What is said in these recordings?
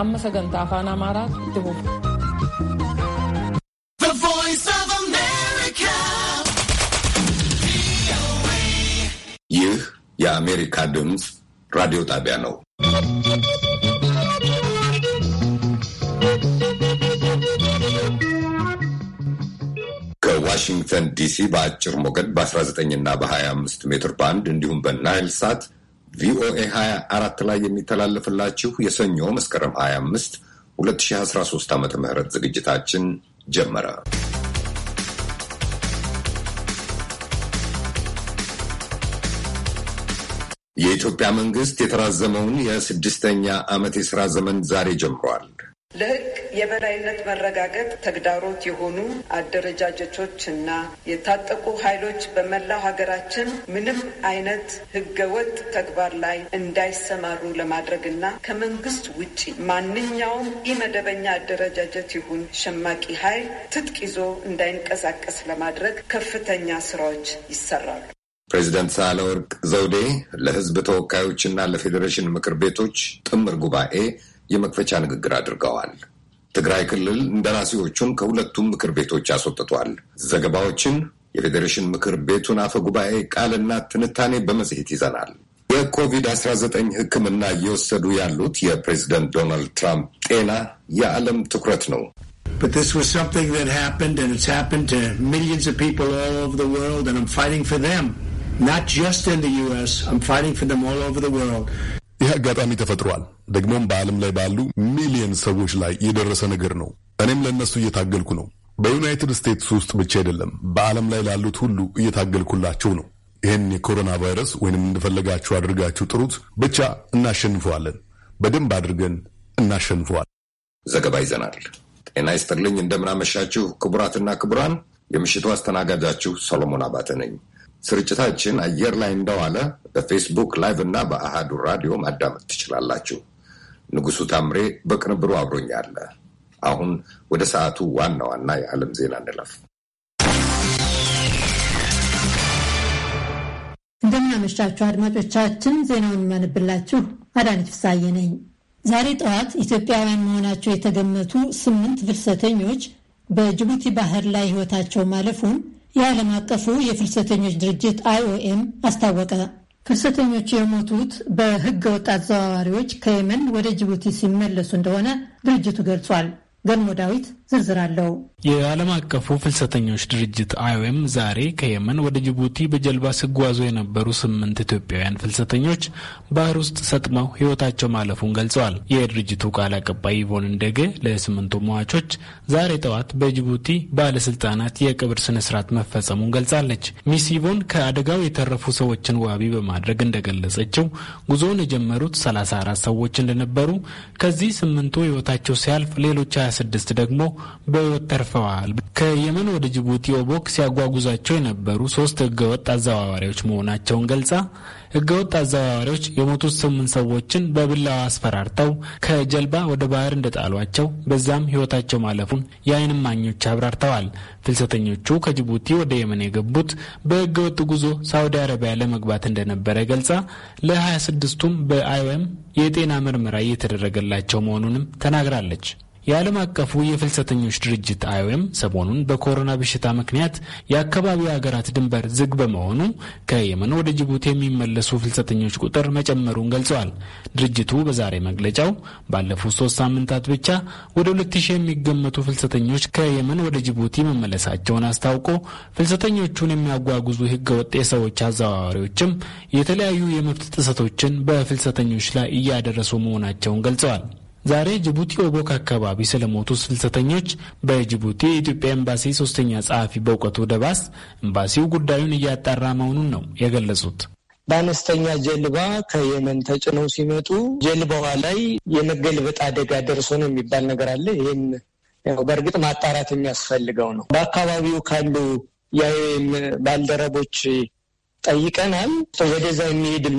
amma sagantaa afaan amaaraa itti ይህ የአሜሪካ ድምፅ ራዲዮ ጣቢያ ነው። ከዋሽንግተን ዲሲ በአጭር ሞገድ በ19 እና በ25 ሜትር ባንድ እንዲሁም በናይል ሳት ቪኦኤ 24 ላይ የሚተላለፍላችሁ የሰኞ መስከረም 25 2013 ዓመተ ምህረት ዝግጅታችን ጀመረ። የኢትዮጵያ መንግስት የተራዘመውን የስድስተኛ ዓመት የሥራ ዘመን ዛሬ ጀምሯል። ለሕግ የበላይነት መረጋገጥ ተግዳሮት የሆኑ አደረጃጀቶች እና የታጠቁ ኃይሎች በመላው ሀገራችን ምንም አይነት ህገወጥ ተግባር ላይ እንዳይሰማሩ ለማድረግና ከመንግስት ውጪ ማንኛውም ኢመደበኛ አደረጃጀት ይሁን ሸማቂ ኃይል ትጥቅ ይዞ እንዳይንቀሳቀስ ለማድረግ ከፍተኛ ስራዎች ይሰራሉ። ፕሬዚደንት ሳህለወርቅ ዘውዴ ለህዝብ ተወካዮችና ለፌዴሬሽን ምክር ቤቶች ጥምር ጉባኤ የመክፈቻ ንግግር አድርገዋል። ትግራይ ክልል እንደራሴዎቹን ከሁለቱም ምክር ቤቶች አስወጥቷል። ዘገባዎችን የፌዴሬሽን ምክር ቤቱን አፈ ጉባኤ ቃልና ትንታኔ በመጽሔት ይዘናል። የኮቪድ-19 ሕክምና እየወሰዱ ያሉት የፕሬዚደንት ዶናልድ ትራምፕ ጤና የዓለም ትኩረት ነው። ይህ አጋጣሚ ተፈጥሯል። ደግሞም በዓለም ላይ ባሉ ሚሊየን ሰዎች ላይ የደረሰ ነገር ነው። እኔም ለእነሱ እየታገልኩ ነው። በዩናይትድ ስቴትስ ውስጥ ብቻ አይደለም፣ በዓለም ላይ ላሉት ሁሉ እየታገልኩላቸው ነው። ይህን የኮሮና ቫይረስ ወይንም እንደፈለጋችሁ አድርጋችሁ ጥሩት፣ ብቻ እናሸንፈዋለን። በደንብ አድርገን እናሸንፈዋለን። ዘገባ ይዘናል። ጤና ይስጥልኝ፣ እንደምናመሻችሁ ክቡራትና ክቡራን። የምሽቱ አስተናጋጃችሁ ሰሎሞን አባተ ነኝ። ስርጭታችን አየር ላይ እንደዋለ በፌስቡክ ላይቭ እና በአሃዱ ራዲዮ ማዳመጥ ትችላላችሁ። ንጉሱ ታምሬ በቅንብሩ አብሮኛለ። አሁን ወደ ሰዓቱ ዋና ዋና የዓለም ዜና እንለፍ። እንደምናመሻችሁ አድማጮቻችን፣ ዜናውን የማንብላችሁ አዳነች ፍሳዬ ነኝ። ዛሬ ጠዋት ኢትዮጵያውያን መሆናቸው የተገመቱ ስምንት ፍልሰተኞች በጅቡቲ ባህር ላይ ሕይወታቸው ማለፉን የዓለም አቀፉ የፍልሰተኞች ድርጅት አይኦኤም አስታወቀ። ፍልሰተኞቹ የሞቱት በህገ ወጥ አዘዋዋሪዎች ከየመን ወደ ጅቡቲ ሲመለሱ እንደሆነ ድርጅቱ ገልጿል። ገልሞ ዳዊት ዝርዝር አለው። የዓለም አቀፉ ፍልሰተኞች ድርጅት አይኦኤም ዛሬ ከየመን ወደ ጅቡቲ በጀልባ ሲጓዙ የነበሩ ስምንት ኢትዮጵያውያን ፍልሰተኞች ባህር ውስጥ ሰጥመው ሕይወታቸው ማለፉን ገልጸዋል። የድርጅቱ ቃል አቀባይ ይቮን እንደገ ለስምንቱ መዋቾች ዛሬ ጠዋት በጅቡቲ ባለስልጣናት የቅብር ስነ ስርዓት መፈጸሙን ገልጻለች። ሚስ ይቮን ከአደጋው የተረፉ ሰዎችን ዋቢ በማድረግ እንደገለጸችው ጉዞውን የጀመሩት 34 ሰዎች እንደነበሩ ከዚህ ስምንቱ ሕይወታቸው ሲያልፍ ሌሎች 26 ደግሞ በህይወት ተርፈዋል። ከየመን ወደ ጅቡቲ ኦቦክ ሲያጓጉዛቸው የነበሩ ሶስት ህገወጥ አዘዋዋሪዎች መሆናቸውን ገልጻ ህገወጥ አዘዋዋሪዎች የሞቱት ስምንት ሰዎችን በብላዋ አስፈራርተው ከጀልባ ወደ ባህር እንደጣሏቸው በዛም ህይወታቸው ማለፉን የዓይን እማኞች አብራርተዋል። ፍልሰተኞቹ ከጅቡቲ ወደ የመን የገቡት በህገወጥ ጉዞ ሳውዲ አረቢያ ለመግባት እንደነበረ ገልጻ ለሀያ ስድስቱም በአይወም የጤና ምርመራ እየተደረገላቸው መሆኑንም ተናግራለች። የዓለም አቀፉ የፍልሰተኞች ድርጅት አይኦኤም ሰሞኑን በኮሮና በሽታ ምክንያት የአካባቢው ሀገራት ድንበር ዝግ በመሆኑ ከየመን ወደ ጅቡቲ የሚመለሱ ፍልሰተኞች ቁጥር መጨመሩን ገልጸዋል። ድርጅቱ በዛሬ መግለጫው ባለፉት ሶስት ሳምንታት ብቻ ወደ ሁለት ሺህ የሚገመቱ ፍልሰተኞች ከየመን ወደ ጅቡቲ መመለሳቸውን አስታውቆ ፍልሰተኞቹን የሚያጓጉዙ ወጥ የሰዎች አዘዋዋሪዎችም የተለያዩ የመብት ጥሰቶችን በፍልሰተኞች ላይ እያደረሱ መሆናቸውን ገልጸዋል። ዛሬ ጅቡቲ ኦቦክ አካባቢ ስለሞቱ ፍልሰተኞች በጅቡቲ የኢትዮጵያ ኤምባሲ ሶስተኛ ጸሐፊ በእውቀቱ ደባስ ኤምባሲው ጉዳዩን እያጣራ መሆኑን ነው የገለጹት። በአነስተኛ ጀልባ ከየመን ተጭነው ሲመጡ ጀልባዋ ላይ የመገልበጥ አደጋ ደርሶ ነው የሚባል ነገር አለ። ይህም ያው በእርግጥ ማጣራት የሚያስፈልገው ነው። በአካባቢው ካሉ የአይኤም ባልደረቦች ጠይቀናል። ወደዛ የሚሄድም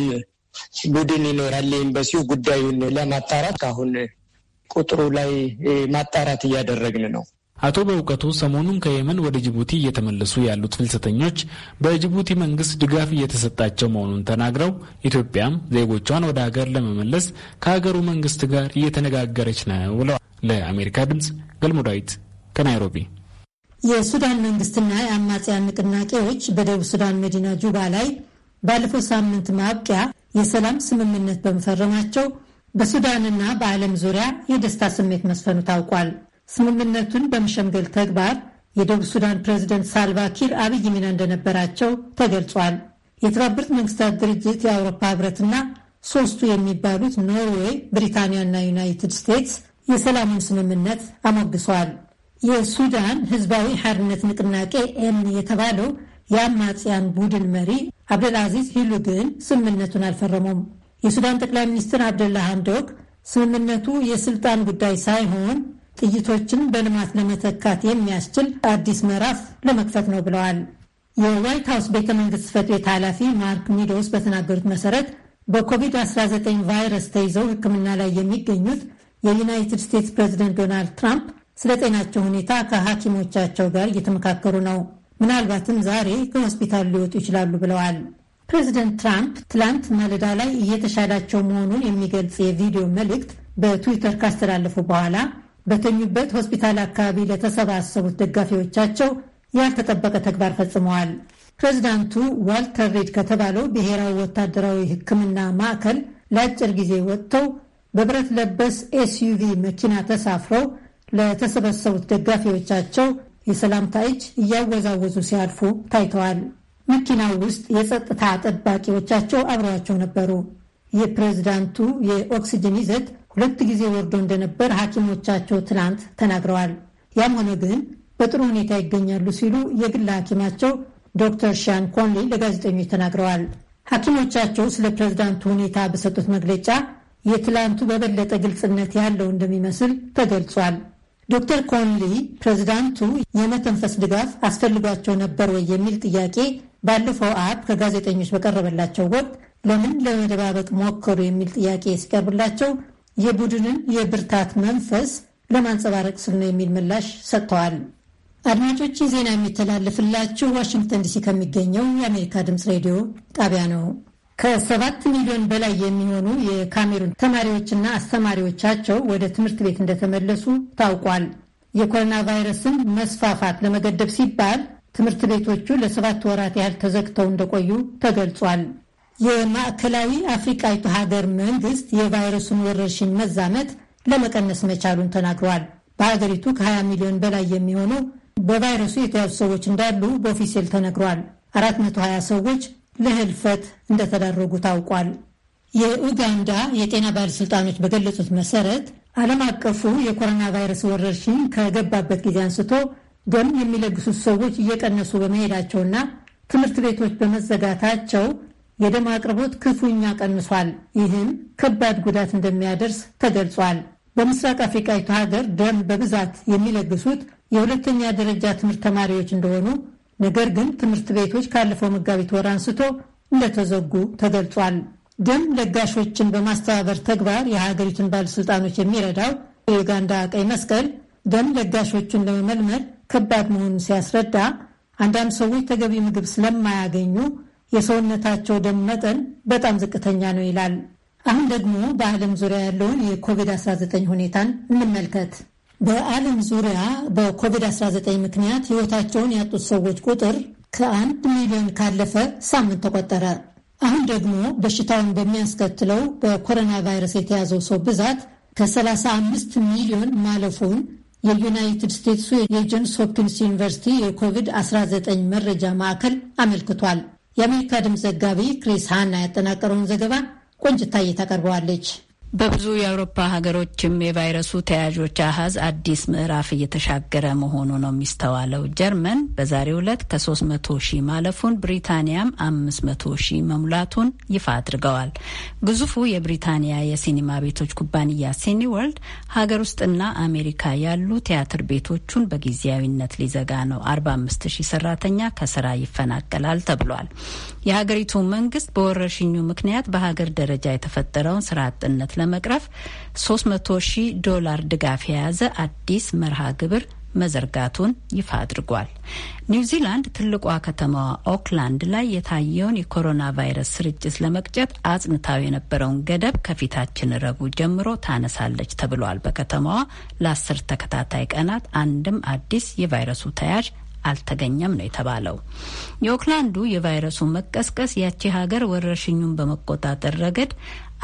ቡድን ይኖራል። ኤምባሲው ጉዳዩን ለማጣራት አሁን ቁጥሩ ላይ ማጣራት እያደረግን ነው። አቶ በእውቀቱ ሰሞኑን ከየመን ወደ ጅቡቲ እየተመለሱ ያሉት ፍልሰተኞች በጅቡቲ መንግስት ድጋፍ እየተሰጣቸው መሆኑን ተናግረው ኢትዮጵያም ዜጎቿን ወደ ሀገር ለመመለስ ከሀገሩ መንግስት ጋር እየተነጋገረች ነው ብለዋል። ለአሜሪካ ድምፅ ገልሞ ዳዊት ከናይሮቢ። የሱዳን መንግስትና የአማጽያን ንቅናቄዎች በደቡብ ሱዳን መዲና ጁባ ላይ ባለፈው ሳምንት ማብቂያ የሰላም ስምምነት በመፈረማቸው በሱዳንና በዓለም ዙሪያ የደስታ ስሜት መስፈኑ ታውቋል። ስምምነቱን በመሸምገል ተግባር የደቡብ ሱዳን ፕሬዚደንት ሳልቫኪር አብይ ሚና እንደነበራቸው ተገልጿል። የተባበሩት መንግስታት ድርጅት የአውሮፓ ህብረትና ሶስቱ የሚባሉት ኖርዌይ፣ ብሪታንያና ዩናይትድ ስቴትስ የሰላሙን ስምምነት አሞግሰዋል። የሱዳን ህዝባዊ ሐርነት ንቅናቄ ኤም የተባለው የአማጽያን ቡድን መሪ አብደልአዚዝ ሂሉ ግን ስምምነቱን አልፈረሙም። የሱዳን ጠቅላይ ሚኒስትር አብደላ ሐምዶክ ስምምነቱ የስልጣን ጉዳይ ሳይሆን ጥይቶችን በልማት ለመተካት የሚያስችል አዲስ ምዕራፍ ለመክፈት ነው ብለዋል። የዋይት ሀውስ ቤተ መንግስት ጽሕፈት ቤት ኃላፊ ማርክ ሚዶስ በተናገሩት መሰረት በኮቪድ-19 ቫይረስ ተይዘው ሕክምና ላይ የሚገኙት የዩናይትድ ስቴትስ ፕሬዚደንት ዶናልድ ትራምፕ ስለ ጤናቸው ሁኔታ ከሐኪሞቻቸው ጋር እየተመካከሩ ነው። ምናልባትም ዛሬ ከሆስፒታል ሊወጡ ይችላሉ ብለዋል። ፕሬዚደንት ትራምፕ ትላንት ማለዳ ላይ እየተሻላቸው መሆኑን የሚገልጽ የቪዲዮ መልእክት በትዊተር ካስተላለፉ በኋላ በተኙበት ሆስፒታል አካባቢ ለተሰባሰቡት ደጋፊዎቻቸው ያልተጠበቀ ተግባር ፈጽመዋል። ፕሬዚዳንቱ ዋልተር ሬድ ከተባለው ብሔራዊ ወታደራዊ ሕክምና ማዕከል ለአጭር ጊዜ ወጥተው በብረት ለበስ ኤስዩቪ መኪና ተሳፍረው ለተሰበሰቡት ደጋፊዎቻቸው የሰላምታ እጅ እያወዛወዙ ሲያልፉ ታይተዋል። መኪናው ውስጥ የጸጥታ ጠባቂዎቻቸው አብረዋቸው ነበሩ። የፕሬዝዳንቱ የኦክሲጅን ይዘት ሁለት ጊዜ ወርዶ እንደነበር ሐኪሞቻቸው ትናንት ተናግረዋል። ያም ሆነ ግን በጥሩ ሁኔታ ይገኛሉ ሲሉ የግል ሐኪማቸው ዶክተር ሻን ኮንሊ ለጋዜጠኞች ተናግረዋል። ሐኪሞቻቸው ስለ ፕሬዝዳንቱ ሁኔታ በሰጡት መግለጫ የትላንቱ በበለጠ ግልጽነት ያለው እንደሚመስል ተገልጿል። ዶክተር ኮንሊ ፕሬዚዳንቱ የመተንፈስ ድጋፍ አስፈልጓቸው ነበር ወይ የሚል ጥያቄ ባለፈው አብ ከጋዜጠኞች በቀረበላቸው ወቅት ለምን ለመደባበቅ ሞከሩ የሚል ጥያቄ ሲቀርብላቸው የቡድንን የብርታት መንፈስ ለማንጸባረቅ ስል ነው የሚል ምላሽ ሰጥተዋል። አድማጮች ዜና የሚተላለፍላችሁ ዋሽንግተን ዲሲ ከሚገኘው የአሜሪካ ድምፅ ሬዲዮ ጣቢያ ነው። ከሰባት ሚሊዮን በላይ የሚሆኑ የካሜሩን ተማሪዎችና አስተማሪዎቻቸው ወደ ትምህርት ቤት እንደተመለሱ ታውቋል። የኮሮና ቫይረስን መስፋፋት ለመገደብ ሲባል ትምህርት ቤቶቹ ለሰባት ወራት ያህል ተዘግተው እንደቆዩ ተገልጿል። የማዕከላዊ አፍሪቃዊቱ ሀገር መንግስት የቫይረሱን ወረርሽኝ መዛመት ለመቀነስ መቻሉን ተናግረዋል። በሀገሪቱ ከ20 ሚሊዮን በላይ የሚሆኑ በቫይረሱ የተያዙ ሰዎች እንዳሉ በኦፊሴል ተነግሯል። 420 ሰዎች ለህልፈት እንደተዳረጉ ታውቋል። የኡጋንዳ የጤና ባለሥልጣኖች በገለጹት መሰረት ዓለም አቀፉ የኮሮና ቫይረስ ወረርሽኝ ከገባበት ጊዜ አንስቶ ደም የሚለግሱት ሰዎች እየቀነሱ በመሄዳቸውና ትምህርት ቤቶች በመዘጋታቸው የደም አቅርቦት ክፉኛ ቀንሷል። ይህም ከባድ ጉዳት እንደሚያደርስ ተገልጿል። በምስራቅ አፍሪካዊቱ ሀገር ደም በብዛት የሚለግሱት የሁለተኛ ደረጃ ትምህርት ተማሪዎች እንደሆኑ ነገር ግን ትምህርት ቤቶች ካለፈው መጋቢት ወር አንስቶ እንደተዘጉ ተገልጿል። ደም ለጋሾችን በማስተባበር ተግባር የሀገሪቱን ባለሥልጣኖች የሚረዳው የዩጋንዳ ቀይ መስቀል ደም ለጋሾቹን ለመመልመል ከባድ መሆኑን ሲያስረዳ አንዳንድ ሰዎች ተገቢ ምግብ ስለማያገኙ የሰውነታቸው ደም መጠን በጣም ዝቅተኛ ነው ይላል። አሁን ደግሞ በዓለም ዙሪያ ያለውን የኮቪድ-19 ሁኔታን እንመልከት። በዓለም ዙሪያ በኮቪድ-19 ምክንያት ሕይወታቸውን ያጡት ሰዎች ቁጥር ከአንድ ሚሊዮን ካለፈ ሳምንት ተቆጠረ። አሁን ደግሞ በሽታውን በሚያስከትለው በኮሮና ቫይረስ የተያዘው ሰው ብዛት ከ35 ሚሊዮን ማለፉን የዩናይትድ ስቴትሱ የጆንስ ሆፕኪንስ ዩኒቨርሲቲ የኮቪድ-19 መረጃ ማዕከል አመልክቷል። የአሜሪካ ድምፅ ዘጋቢ ክሪስ ሃና ያጠናቀረውን ዘገባ ቆንጅታዬ ታቀርበዋለች። በብዙ የአውሮፓ ሀገሮችም የቫይረሱ ተያዦች አሀዝ አዲስ ምዕራፍ እየተሻገረ መሆኑ ነው የሚስተዋለው። ጀርመን በዛሬው ዕለት ከ300 ሺህ ማለፉን ብሪታንያም 500 ሺህ መሙላቱን ይፋ አድርገዋል። ግዙፉ የብሪታንያ የሲኒማ ቤቶች ኩባንያ ሲኒ ወርልድ ሀገር ውስጥና አሜሪካ ያሉ ቲያትር ቤቶቹን በጊዜያዊነት ሊዘጋ ነው። 45 ሺህ ሰራተኛ ከስራ ይፈናቀላል ተብሏል። የሀገሪቱ መንግስት በወረርሽኙ ምክንያት በሀገር ደረጃ የተፈጠረውን ስራ አጥነት ለመቅረፍ 300 ሺህ ዶላር ድጋፍ የያዘ አዲስ መርሃ ግብር መዘርጋቱን ይፋ አድርጓል። ኒውዚላንድ ትልቋ ከተማዋ ኦክላንድ ላይ የታየውን የኮሮና ቫይረስ ስርጭት ለመቅጨት አጽንታው የነበረውን ገደብ ከፊታችን ረቡዕ ጀምሮ ታነሳለች ተብሏል። በከተማዋ ለአስር ተከታታይ ቀናት አንድም አዲስ የቫይረሱ ተያዥ አልተገኘም ነው የተባለው። የኦክላንዱ የቫይረሱ መቀስቀስ ያቺ ሀገር ወረርሽኙን በመቆጣጠር ረገድ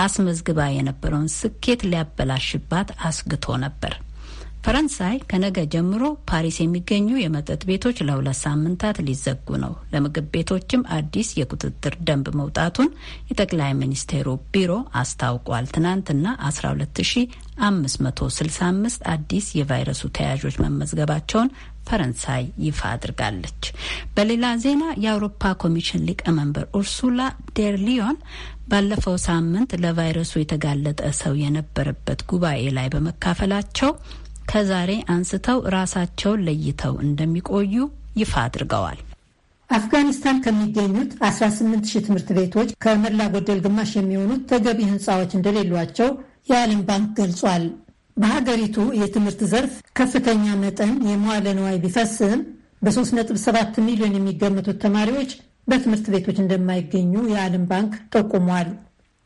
አስመዝግባ የነበረውን ስኬት ሊያበላሽባት አስግቶ ነበር። ፈረንሳይ ከነገ ጀምሮ ፓሪስ የሚገኙ የመጠጥ ቤቶች ለሁለት ሳምንታት ሊዘጉ ነው። ለምግብ ቤቶችም አዲስ የቁጥጥር ደንብ መውጣቱን የጠቅላይ ሚኒስቴሩ ቢሮ አስታውቋል። ትናንትና 12565 አዲስ የቫይረሱ ተያዦች መመዝገባቸውን ፈረንሳይ ይፋ አድርጋለች። በሌላ ዜና የአውሮፓ ኮሚሽን ሊቀመንበር ኡርሱላ ዴር ሊዮን ባለፈው ሳምንት ለቫይረሱ የተጋለጠ ሰው የነበረበት ጉባኤ ላይ በመካፈላቸው ከዛሬ አንስተው ራሳቸውን ለይተው እንደሚቆዩ ይፋ አድርገዋል። አፍጋኒስታን ከሚገኙት 18 ሺህ ትምህርት ቤቶች ከመላ ጎደል ግማሽ የሚሆኑት ተገቢ ህንፃዎች እንደሌሏቸው የዓለም ባንክ ገልጿል። በሀገሪቱ የትምህርት ዘርፍ ከፍተኛ መጠን የመዋለ ንዋይ ቢፈስም በ3.7 ሚሊዮን የሚገመቱት ተማሪዎች በትምህርት ቤቶች እንደማይገኙ የዓለም ባንክ ጠቁሟል።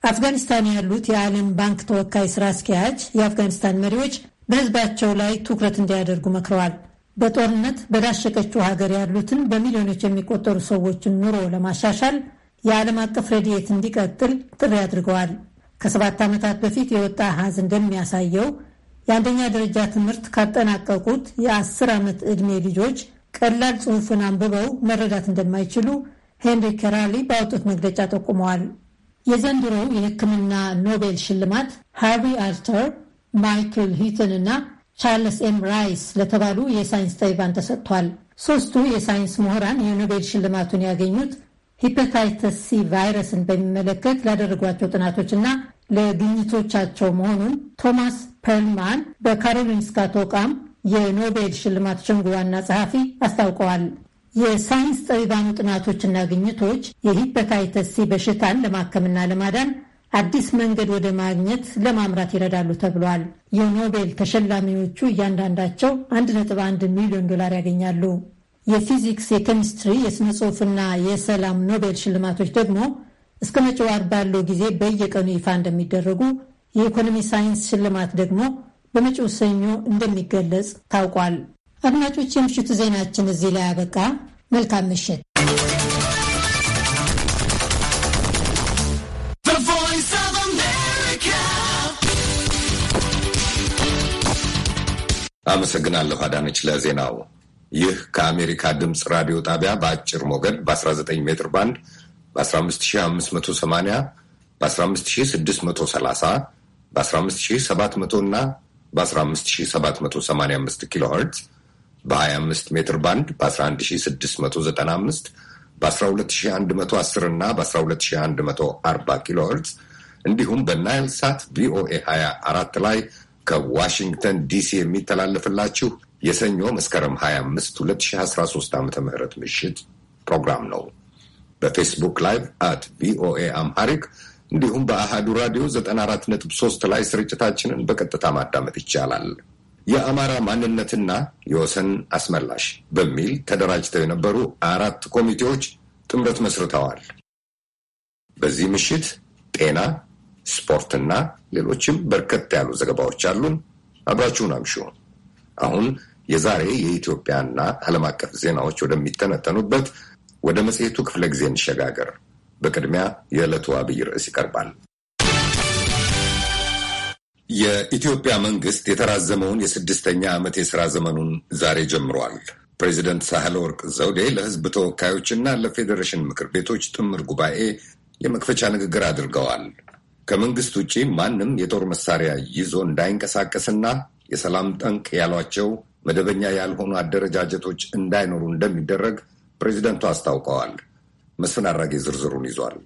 አፍጋኒስታን ያሉት የዓለም ባንክ ተወካይ ስራ አስኪያጅ የአፍጋኒስታን መሪዎች በህዝባቸው ላይ ትኩረት እንዲያደርጉ መክረዋል። በጦርነት በዳሸቀችው ሀገር ያሉትን በሚሊዮኖች የሚቆጠሩ ሰዎችን ኑሮ ለማሻሻል የዓለም አቀፍ ረድኤት እንዲቀጥል ጥሪ አድርገዋል። ከሰባት ዓመታት በፊት የወጣ አሃዝ እንደሚያሳየው የአንደኛ ደረጃ ትምህርት ካጠናቀቁት የአስር ዓመት ዕድሜ ልጆች ቀላል ጽሑፍን አንብበው መረዳት እንደማይችሉ ሄንሪ ከራሊ ባወጡት መግለጫ ጠቁመዋል። የዘንድሮው የሕክምና ኖቤል ሽልማት ሃርቪ አልተር፣ ማይክል ሂትን እና ቻርልስ ኤም ራይስ ለተባሉ የሳይንስ ጠቢባን ተሰጥቷል። ሦስቱ የሳይንስ ምሁራን የኖቤል ሽልማቱን ያገኙት ሂፐታይተስ ሲ ቫይረስን በሚመለከት ላደረጓቸው ጥናቶችና ለግኝቶቻቸው መሆኑን ቶማስ ፐርልማን በካሮሊንስካ ተቋም የኖቤል ሽልማት ሸንጎ ዋና ጸሐፊ አስታውቀዋል። የሳይንስ ጠቢባኑ ጥናቶችና ግኝቶች የሂፐታይተስ ሲ በሽታን ለማከምና ለማዳን አዲስ መንገድ ወደ ማግኘት ለማምራት ይረዳሉ ተብሏል። የኖቤል ተሸላሚዎቹ እያንዳንዳቸው 1.1 ሚሊዮን ዶላር ያገኛሉ። የፊዚክስ፣ የኬሚስትሪ፣ የሥነ ጽሑፍና የሰላም ኖቤል ሽልማቶች ደግሞ እስከ መጪው ዓርብ ባለው ጊዜ በየቀኑ ይፋ እንደሚደረጉ፣ የኢኮኖሚ ሳይንስ ሽልማት ደግሞ በመጪው ሰኞ እንደሚገለጽ ታውቋል። አድማጮች፣ የምሽቱ ዜናችን እዚህ ላይ አበቃ። መልካም ምሽት። አመሰግናለሁ አዳነች ለዜናው። ይህ ከአሜሪካ ድምፅ ራዲዮ ጣቢያ በአጭር ሞገድ በ19 ሜትር ባንድ በ15580 በ15630 በ15700 እና በ15785 ኪሎ ሄርትዝ በ25 ሜትር ባንድ በ11695 በ12110 እና በ12140 ኪሎ ሄርዝ እንዲሁም በናይል ሳት ቪኦኤ 24 ላይ ከዋሽንግተን ዲሲ የሚተላለፍላችሁ የሰኞ መስከረም 25 2013 ዓ ም ምሽት ፕሮግራም ነው። በፌስቡክ ላይቭ አት ቪኦኤ አምሃሪክ እንዲሁም በአሃዱ ራዲዮ 94.3 ላይ ስርጭታችንን በቀጥታ ማዳመጥ ይቻላል። የአማራ ማንነትና የወሰን አስመላሽ በሚል ተደራጅተው የነበሩ አራት ኮሚቴዎች ጥምረት መስርተዋል። በዚህ ምሽት ጤና፣ ስፖርትና ሌሎችም በርከት ያሉ ዘገባዎች አሉን። አብራችሁን አምሹ። አሁን የዛሬ የኢትዮጵያና ዓለም አቀፍ ዜናዎች ወደሚተነተኑበት ወደ መጽሔቱ ክፍለ ጊዜ እንሸጋገር። በቅድሚያ የዕለቱ አብይ ርዕስ ይቀርባል። የኢትዮጵያ መንግስት የተራዘመውን የስድስተኛ ዓመት የሥራ ዘመኑን ዛሬ ጀምሯል። ፕሬዚደንት ሳህለ ወርቅ ዘውዴ ለሕዝብ ተወካዮችና ለፌዴሬሽን ምክር ቤቶች ጥምር ጉባኤ የመክፈቻ ንግግር አድርገዋል። ከመንግስት ውጪ ማንም የጦር መሳሪያ ይዞ እንዳይንቀሳቀስና የሰላም ጠንቅ ያሏቸው መደበኛ ያልሆኑ አደረጃጀቶች እንዳይኖሩ እንደሚደረግ ፕሬዚደንቱ አስታውቀዋል። መስፍን አራጌ ዝርዝሩን ይዟል።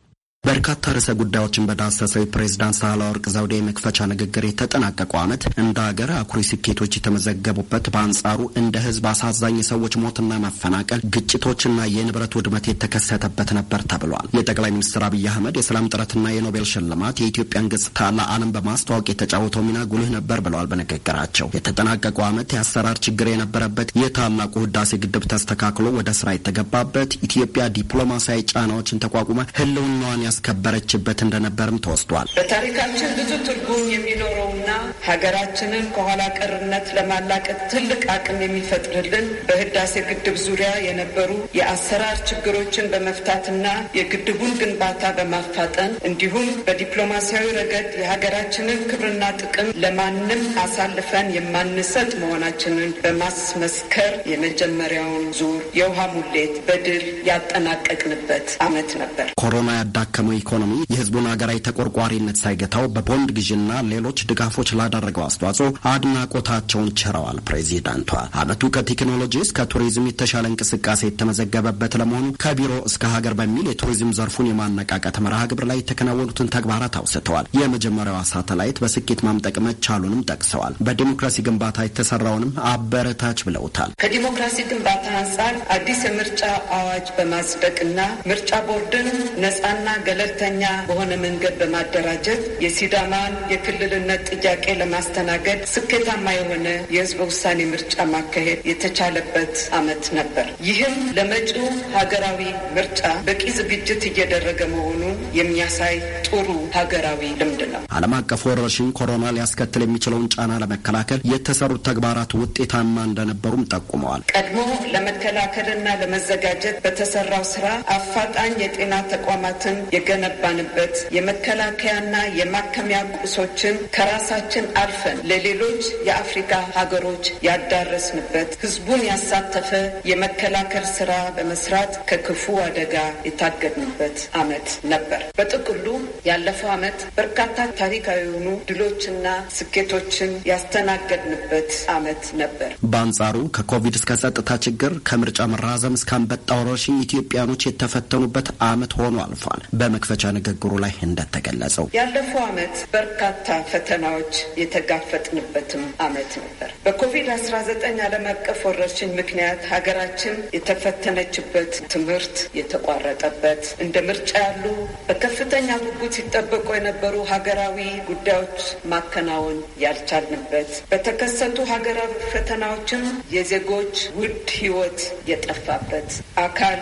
በርካታ ርዕሰ ጉዳዮችን በዳሰሰው የፕሬዝዳንት ሳህለወርቅ ዘውዴ የመክፈቻ ንግግር የተጠናቀቀው ዓመት እንደ ሀገር አኩሪ ስኬቶች የተመዘገቡበት፣ በአንጻሩ እንደ ህዝብ አሳዛኝ የሰዎች ሞትና መፈናቀል፣ ግጭቶችና የንብረት ውድመት የተከሰተበት ነበር ተብሏል። የጠቅላይ ሚኒስትር አብይ አህመድ የሰላም ጥረትና የኖቤል ሽልማት የኢትዮጵያን ገጽታ ለዓለም በማስተዋወቅ የተጫወተው ሚና ጉልህ ነበር ብለዋል። በንግግራቸው የተጠናቀቀው ዓመት የአሰራር ችግር የነበረበት፣ የታላቁ ህዳሴ ግድብ ተስተካክሎ ወደ ስራ የተገባበት፣ ኢትዮጵያ ዲፕሎማሲያዊ ጫናዎችን ተቋቁመ ህልውናዋን ያስከበረችበት እንደነበርም ተወስዷል። በታሪካችን ብዙ ትርጉም የሚኖረውና ሀገራችንን ከኋላ ቀርነት ለማላቀቅ ትልቅ አቅም የሚፈጥርልን በህዳሴ ግድብ ዙሪያ የነበሩ የአሰራር ችግሮችን በመፍታትና የግድቡን ግንባታ በማፋጠን እንዲሁም በዲፕሎማሲያዊ ረገድ የሀገራችንን ክብርና ጥቅም ለማንም አሳልፈን የማንሰጥ መሆናችንን በማስመስከር የመጀመሪያውን ዙር የውሃ ሙሌት በድል ያጠናቀቅንበት ዓመት ነበር። ኮሮና ያዳከመ የከተማው ኢኮኖሚ የህዝቡን ሀገራዊ ተቆርቋሪነት ሳይገታው በቦንድ ግዥና ሌሎች ድጋፎች ላደረገው አስተዋጽኦ አድናቆታቸውን ችረዋል ፕሬዚዳንቷ አመቱ ከቴክኖሎጂ እስከ ቱሪዝም የተሻለ እንቅስቃሴ የተመዘገበበት ለመሆኑ ከቢሮ እስከ ሀገር በሚል የቱሪዝም ዘርፉን የማነቃቀት መርሃ ግብር ላይ የተከናወኑትን ተግባራት አውስተዋል። የመጀመሪያዋ ሳተላይት በስኬት ማምጠቅ መቻሉንም ጠቅሰዋል። በዲሞክራሲ ግንባታ የተሰራውንም አበረታች ብለውታል። ከዲሞክራሲ ግንባታ አንጻር አዲስ የምርጫ አዋጅ በማጽደቅና ምርጫ ቦርድን ነጻና ገለልተኛ በሆነ መንገድ በማደራጀት የሲዳማን የክልልነት ጥያቄ ለማስተናገድ ስኬታማ የሆነ የህዝበ ውሳኔ ምርጫ ማካሄድ የተቻለበት አመት ነበር። ይህም ለመጪው ሀገራዊ ምርጫ በቂ ዝግጅት እየደረገ መሆኑ የሚያሳይ ጥሩ ሀገራዊ ልምድ ነው። ዓለም አቀፍ ወረርሽኝ ኮሮና ሊያስከትል የሚችለውን ጫና ለመከላከል የተሰሩት ተግባራት ውጤታማ እንደነበሩም ጠቁመዋል። ቀድሞ ለመከላከልና ለመዘጋጀት በተሰራው ስራ አፋጣኝ የጤና ተቋማትን የገነባንበት የመከላከያና የማከሚያ ቁሶችን ከራሳችን አልፈን ለሌሎች የአፍሪካ ሀገሮች ያዳረስንበት ህዝቡን ያሳተፈ የመከላከል ስራ በመስራት ከክፉ አደጋ የታገድንበት አመት ነበር። በጥቅሉ ያለፈው አመት በርካታ ታሪካዊ የሆኑ ድሎችና ስኬቶችን ያስተናገድንበት አመት ነበር። በአንጻሩ ከኮቪድ እስከ ጸጥታ ችግር ከምርጫ መራዘም እስከ አንበጣ ወረርሽኝ ኢትዮጵያኖች የተፈተኑበት አመት ሆኖ አልፏል። በመክፈቻ ንግግሩ ላይ እንደተገለጸው ያለፈው አመት በርካታ ፈተናዎች የተጋፈጥንበትም አመት ነበር። በኮቪድ 19 ዓለም አቀፍ ወረርሽኝ ምክንያት ሀገራችን የተፈተነችበት ትምህርት የተቋረጠበት እንደ ምርጫ ያሉ በከፍተኛ ጉጉት ሲጠበቁ የነበሩ ሀገራዊ ጉዳዮች ማከናወን ያልቻልንበት በተከሰቱ ሀገራዊ ፈተናዎችም የዜጎች ውድ ሕይወት የጠፋበት አካል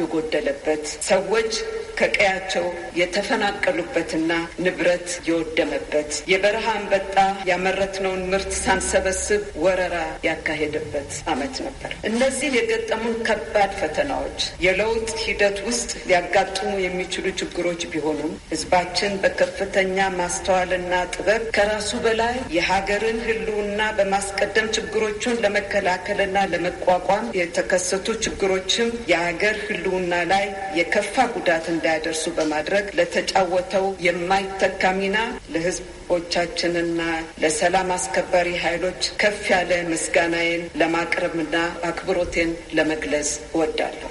የጎደለበት ሰዎች ከቀያቸው የተፈናቀሉበትና ንብረት የወደመበት የበረሃ አንበጣ ያመረትነውን ምርት ሳንሰበስብ ወረራ ያካሄደበት ዓመት ነበር። እነዚህ የገጠሙን ከባድ ፈተናዎች የለውጥ ሂደት ውስጥ ሊያጋጥሙ የሚችሉ ችግሮች ቢሆኑም ሕዝባችን በከፍተኛ ማስተዋልና ጥበብ ከራሱ በላይ የሀገርን ሕልውና በማስቀደም ችግሮቹን ለመከላከልና ለመቋቋም የተከሰቱ ችግሮችም የሀገር ሕልውና ላይ የከፋ ጉዳት ። እንዳያደርሱ በማድረግ ለተጫወተው የማይተካ ሚና ለህዝቦቻችንና ለሰላም አስከባሪ ኃይሎች ከፍ ያለ ምስጋናዬን ለማቅረብና አክብሮቴን ለመግለጽ እወዳለሁ።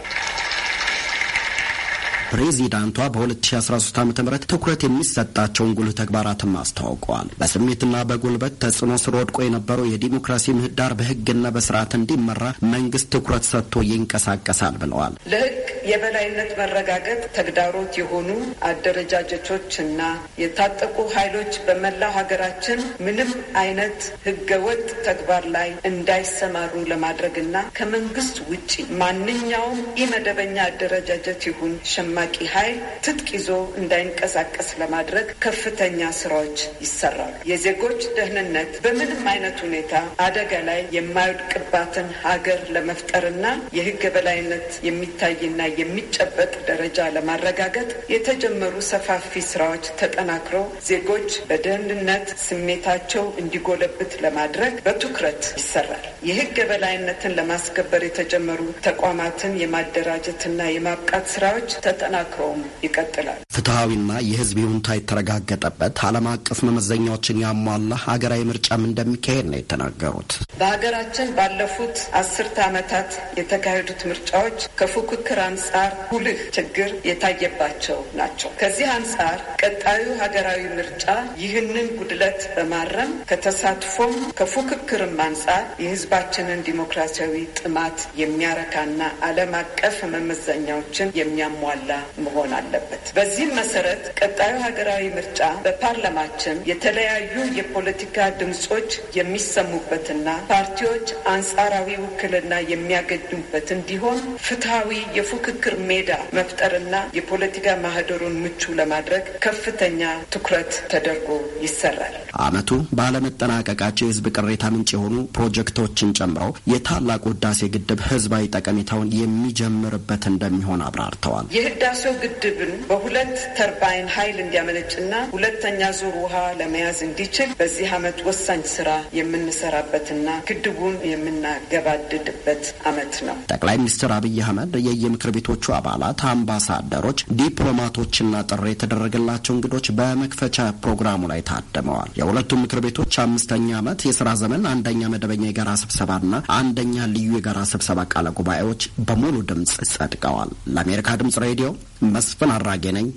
ፕሬዚዳንቷ በ2013 ዓ ም ትኩረት የሚሰጣቸውን ጉልህ ተግባራትም አስታውቀዋል። በስሜትና በጉልበት ተጽዕኖ ስር ወድቆ የነበረው የዲሞክራሲ ምህዳር በህግና በስርዓት እንዲመራ መንግስት ትኩረት ሰጥቶ ይንቀሳቀሳል ብለዋል። ለህግ የበላይነት መረጋገጥ ተግዳሮት የሆኑ አደረጃጀቶችና የታጠቁ ኃይሎች በመላው ሀገራችን ምንም አይነት ህገወጥ ተግባር ላይ እንዳይሰማሩ ለማድረግና ከመንግስት ውጭ ማንኛውም ኢመደበኛ አደረጃጀት ይሁን ሸማ አሸማቂ ኃይል ትጥቅ ይዞ እንዳይንቀሳቀስ ለማድረግ ከፍተኛ ስራዎች ይሰራሉ። የዜጎች ደህንነት በምንም አይነት ሁኔታ አደጋ ላይ የማይወድቅባትን ሀገር ለመፍጠርና የህግ በላይነት የሚታይና የሚጨበጥ ደረጃ ለማረጋገጥ የተጀመሩ ሰፋፊ ስራዎች ተጠናክረው ዜጎች በደህንነት ስሜታቸው እንዲጎለብት ለማድረግ በትኩረት ይሰራል። የህግ የበላይነትን ለማስከበር የተጀመሩ ተቋማትን የማደራጀትና የማብቃት ስራዎች ተጠ ተጠናክሮም ይቀጥላል። ፍትሐዊና የህዝብ ይሁንታ የተረጋገጠበት ዓለም አቀፍ መመዘኛዎችን ያሟላ ሀገራዊ ምርጫም እንደሚካሄድ ነው የተናገሩት። በሀገራችን ባለፉት አስርተ ዓመታት የተካሄዱት ምርጫዎች ከፉክክር አንጻር ጉልህ ችግር የታየባቸው ናቸው። ከዚህ አንጻር ቀጣዩ ሀገራዊ ምርጫ ይህንን ጉድለት በማረም ከተሳትፎም ከፉክክርም አንጻር የህዝባችንን ዲሞክራሲያዊ ጥማት የሚያረካና ዓለም አቀፍ መመዘኛዎችን የሚያሟላ መሆን አለበት። በዚህም መሰረት ቀጣዩ ሀገራዊ ምርጫ በፓርላማችን የተለያዩ የፖለቲካ ድምጾች የሚሰሙበትና ፓርቲዎች አንጻራዊ ውክልና የሚያገኙበት እንዲሆን ፍትሐዊ የፉክክር ሜዳ መፍጠርና የፖለቲካ ማህደሩን ምቹ ለማድረግ ከፍተኛ ትኩረት ተደርጎ ይሰራል። ዓመቱ ባለመጠናቀቃቸው የህዝብ ቅሬታ ምንጭ የሆኑ ፕሮጀክቶችን ጨምሮ የታላቁ ህዳሴ ግድብ ህዝባዊ ጠቀሜታውን የሚጀምርበት እንደሚሆን አብራርተዋል። የህዳሴው ግድብን በሁለት ተርባይን ኃይል እንዲያመነጭና ሁለተኛ ዙር ውሃ ለመያዝ እንዲችል በዚህ ዓመት ወሳኝ ስራ የምንሰራበትና ግድቡን የምናገባድድበት ዓመት ነው። ጠቅላይ ሚኒስትር አብይ አህመድ የየምክር ቤቶቹ አባላት፣ አምባሳደሮች፣ ዲፕሎማቶችና ጥሪ የተደረገላቸው እንግዶች በመክፈቻ ፕሮግራሙ ላይ ታድመዋል። የሁለቱ ምክር ቤቶች አምስተኛ ዓመት የስራ ዘመን አንደኛ መደበኛ የጋራ ስብሰባና አንደኛ ልዩ የጋራ ስብሰባ ቃለ ጉባኤዎች በሙሉ ድምፅ ጸድቀዋል። ለአሜሪካ ድምጽ ሬዲዮ አበባው መስፍን አራጌ ነኝ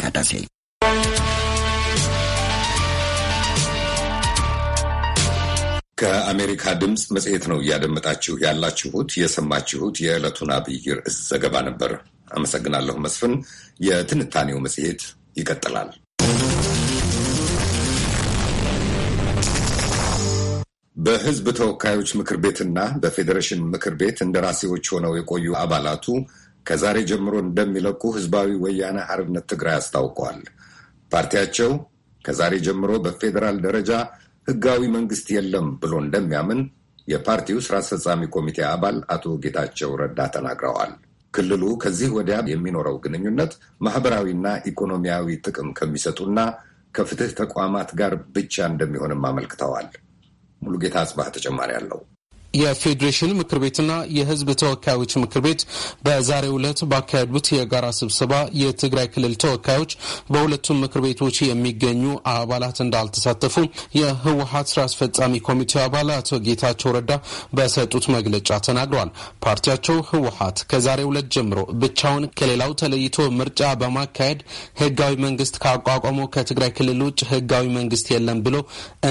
ከደሴ። ከአሜሪካ ድምፅ መጽሔት ነው እያደመጣችሁ ያላችሁት። የሰማችሁት የዕለቱን አብይ ርዕስ ዘገባ ነበር። አመሰግናለሁ መስፍን። የትንታኔው መጽሔት ይቀጥላል። በሕዝብ ተወካዮች ምክር ቤትና በፌዴሬሽን ምክር ቤት እንደራሴዎች ሆነው የቆዩ አባላቱ ከዛሬ ጀምሮ እንደሚለቁ ህዝባዊ ወያነ ሓርነት ትግራይ አስታውቀዋል። ፓርቲያቸው ከዛሬ ጀምሮ በፌዴራል ደረጃ ህጋዊ መንግስት የለም ብሎ እንደሚያምን የፓርቲው ስራ አስፈጻሚ ኮሚቴ አባል አቶ ጌታቸው ረዳ ተናግረዋል። ክልሉ ከዚህ ወዲያ የሚኖረው ግንኙነት ማህበራዊና ኢኮኖሚያዊ ጥቅም ከሚሰጡና ከፍትህ ተቋማት ጋር ብቻ እንደሚሆንም አመልክተዋል። ሙሉጌታ አጽባህ ተጨማሪ አለው። የፌዴሬሽን ምክር ቤትና የሕዝብ ተወካዮች ምክር ቤት በዛሬው ዕለት ባካሄዱት የጋራ ስብሰባ የትግራይ ክልል ተወካዮች በሁለቱም ምክር ቤቶች የሚገኙ አባላት እንዳልተሳተፉ የህወሀት ስራ አስፈጻሚ ኮሚቴ አባል አቶ ጌታቸው ረዳ በሰጡት መግለጫ ተናግረዋል። ፓርቲያቸው ህወሀት ከዛሬው ዕለት ጀምሮ ብቻውን ከሌላው ተለይቶ ምርጫ በማካሄድ ህጋዊ መንግስት ካቋቋመ ከትግራይ ክልል ውጭ ህጋዊ መንግስት የለም ብሎ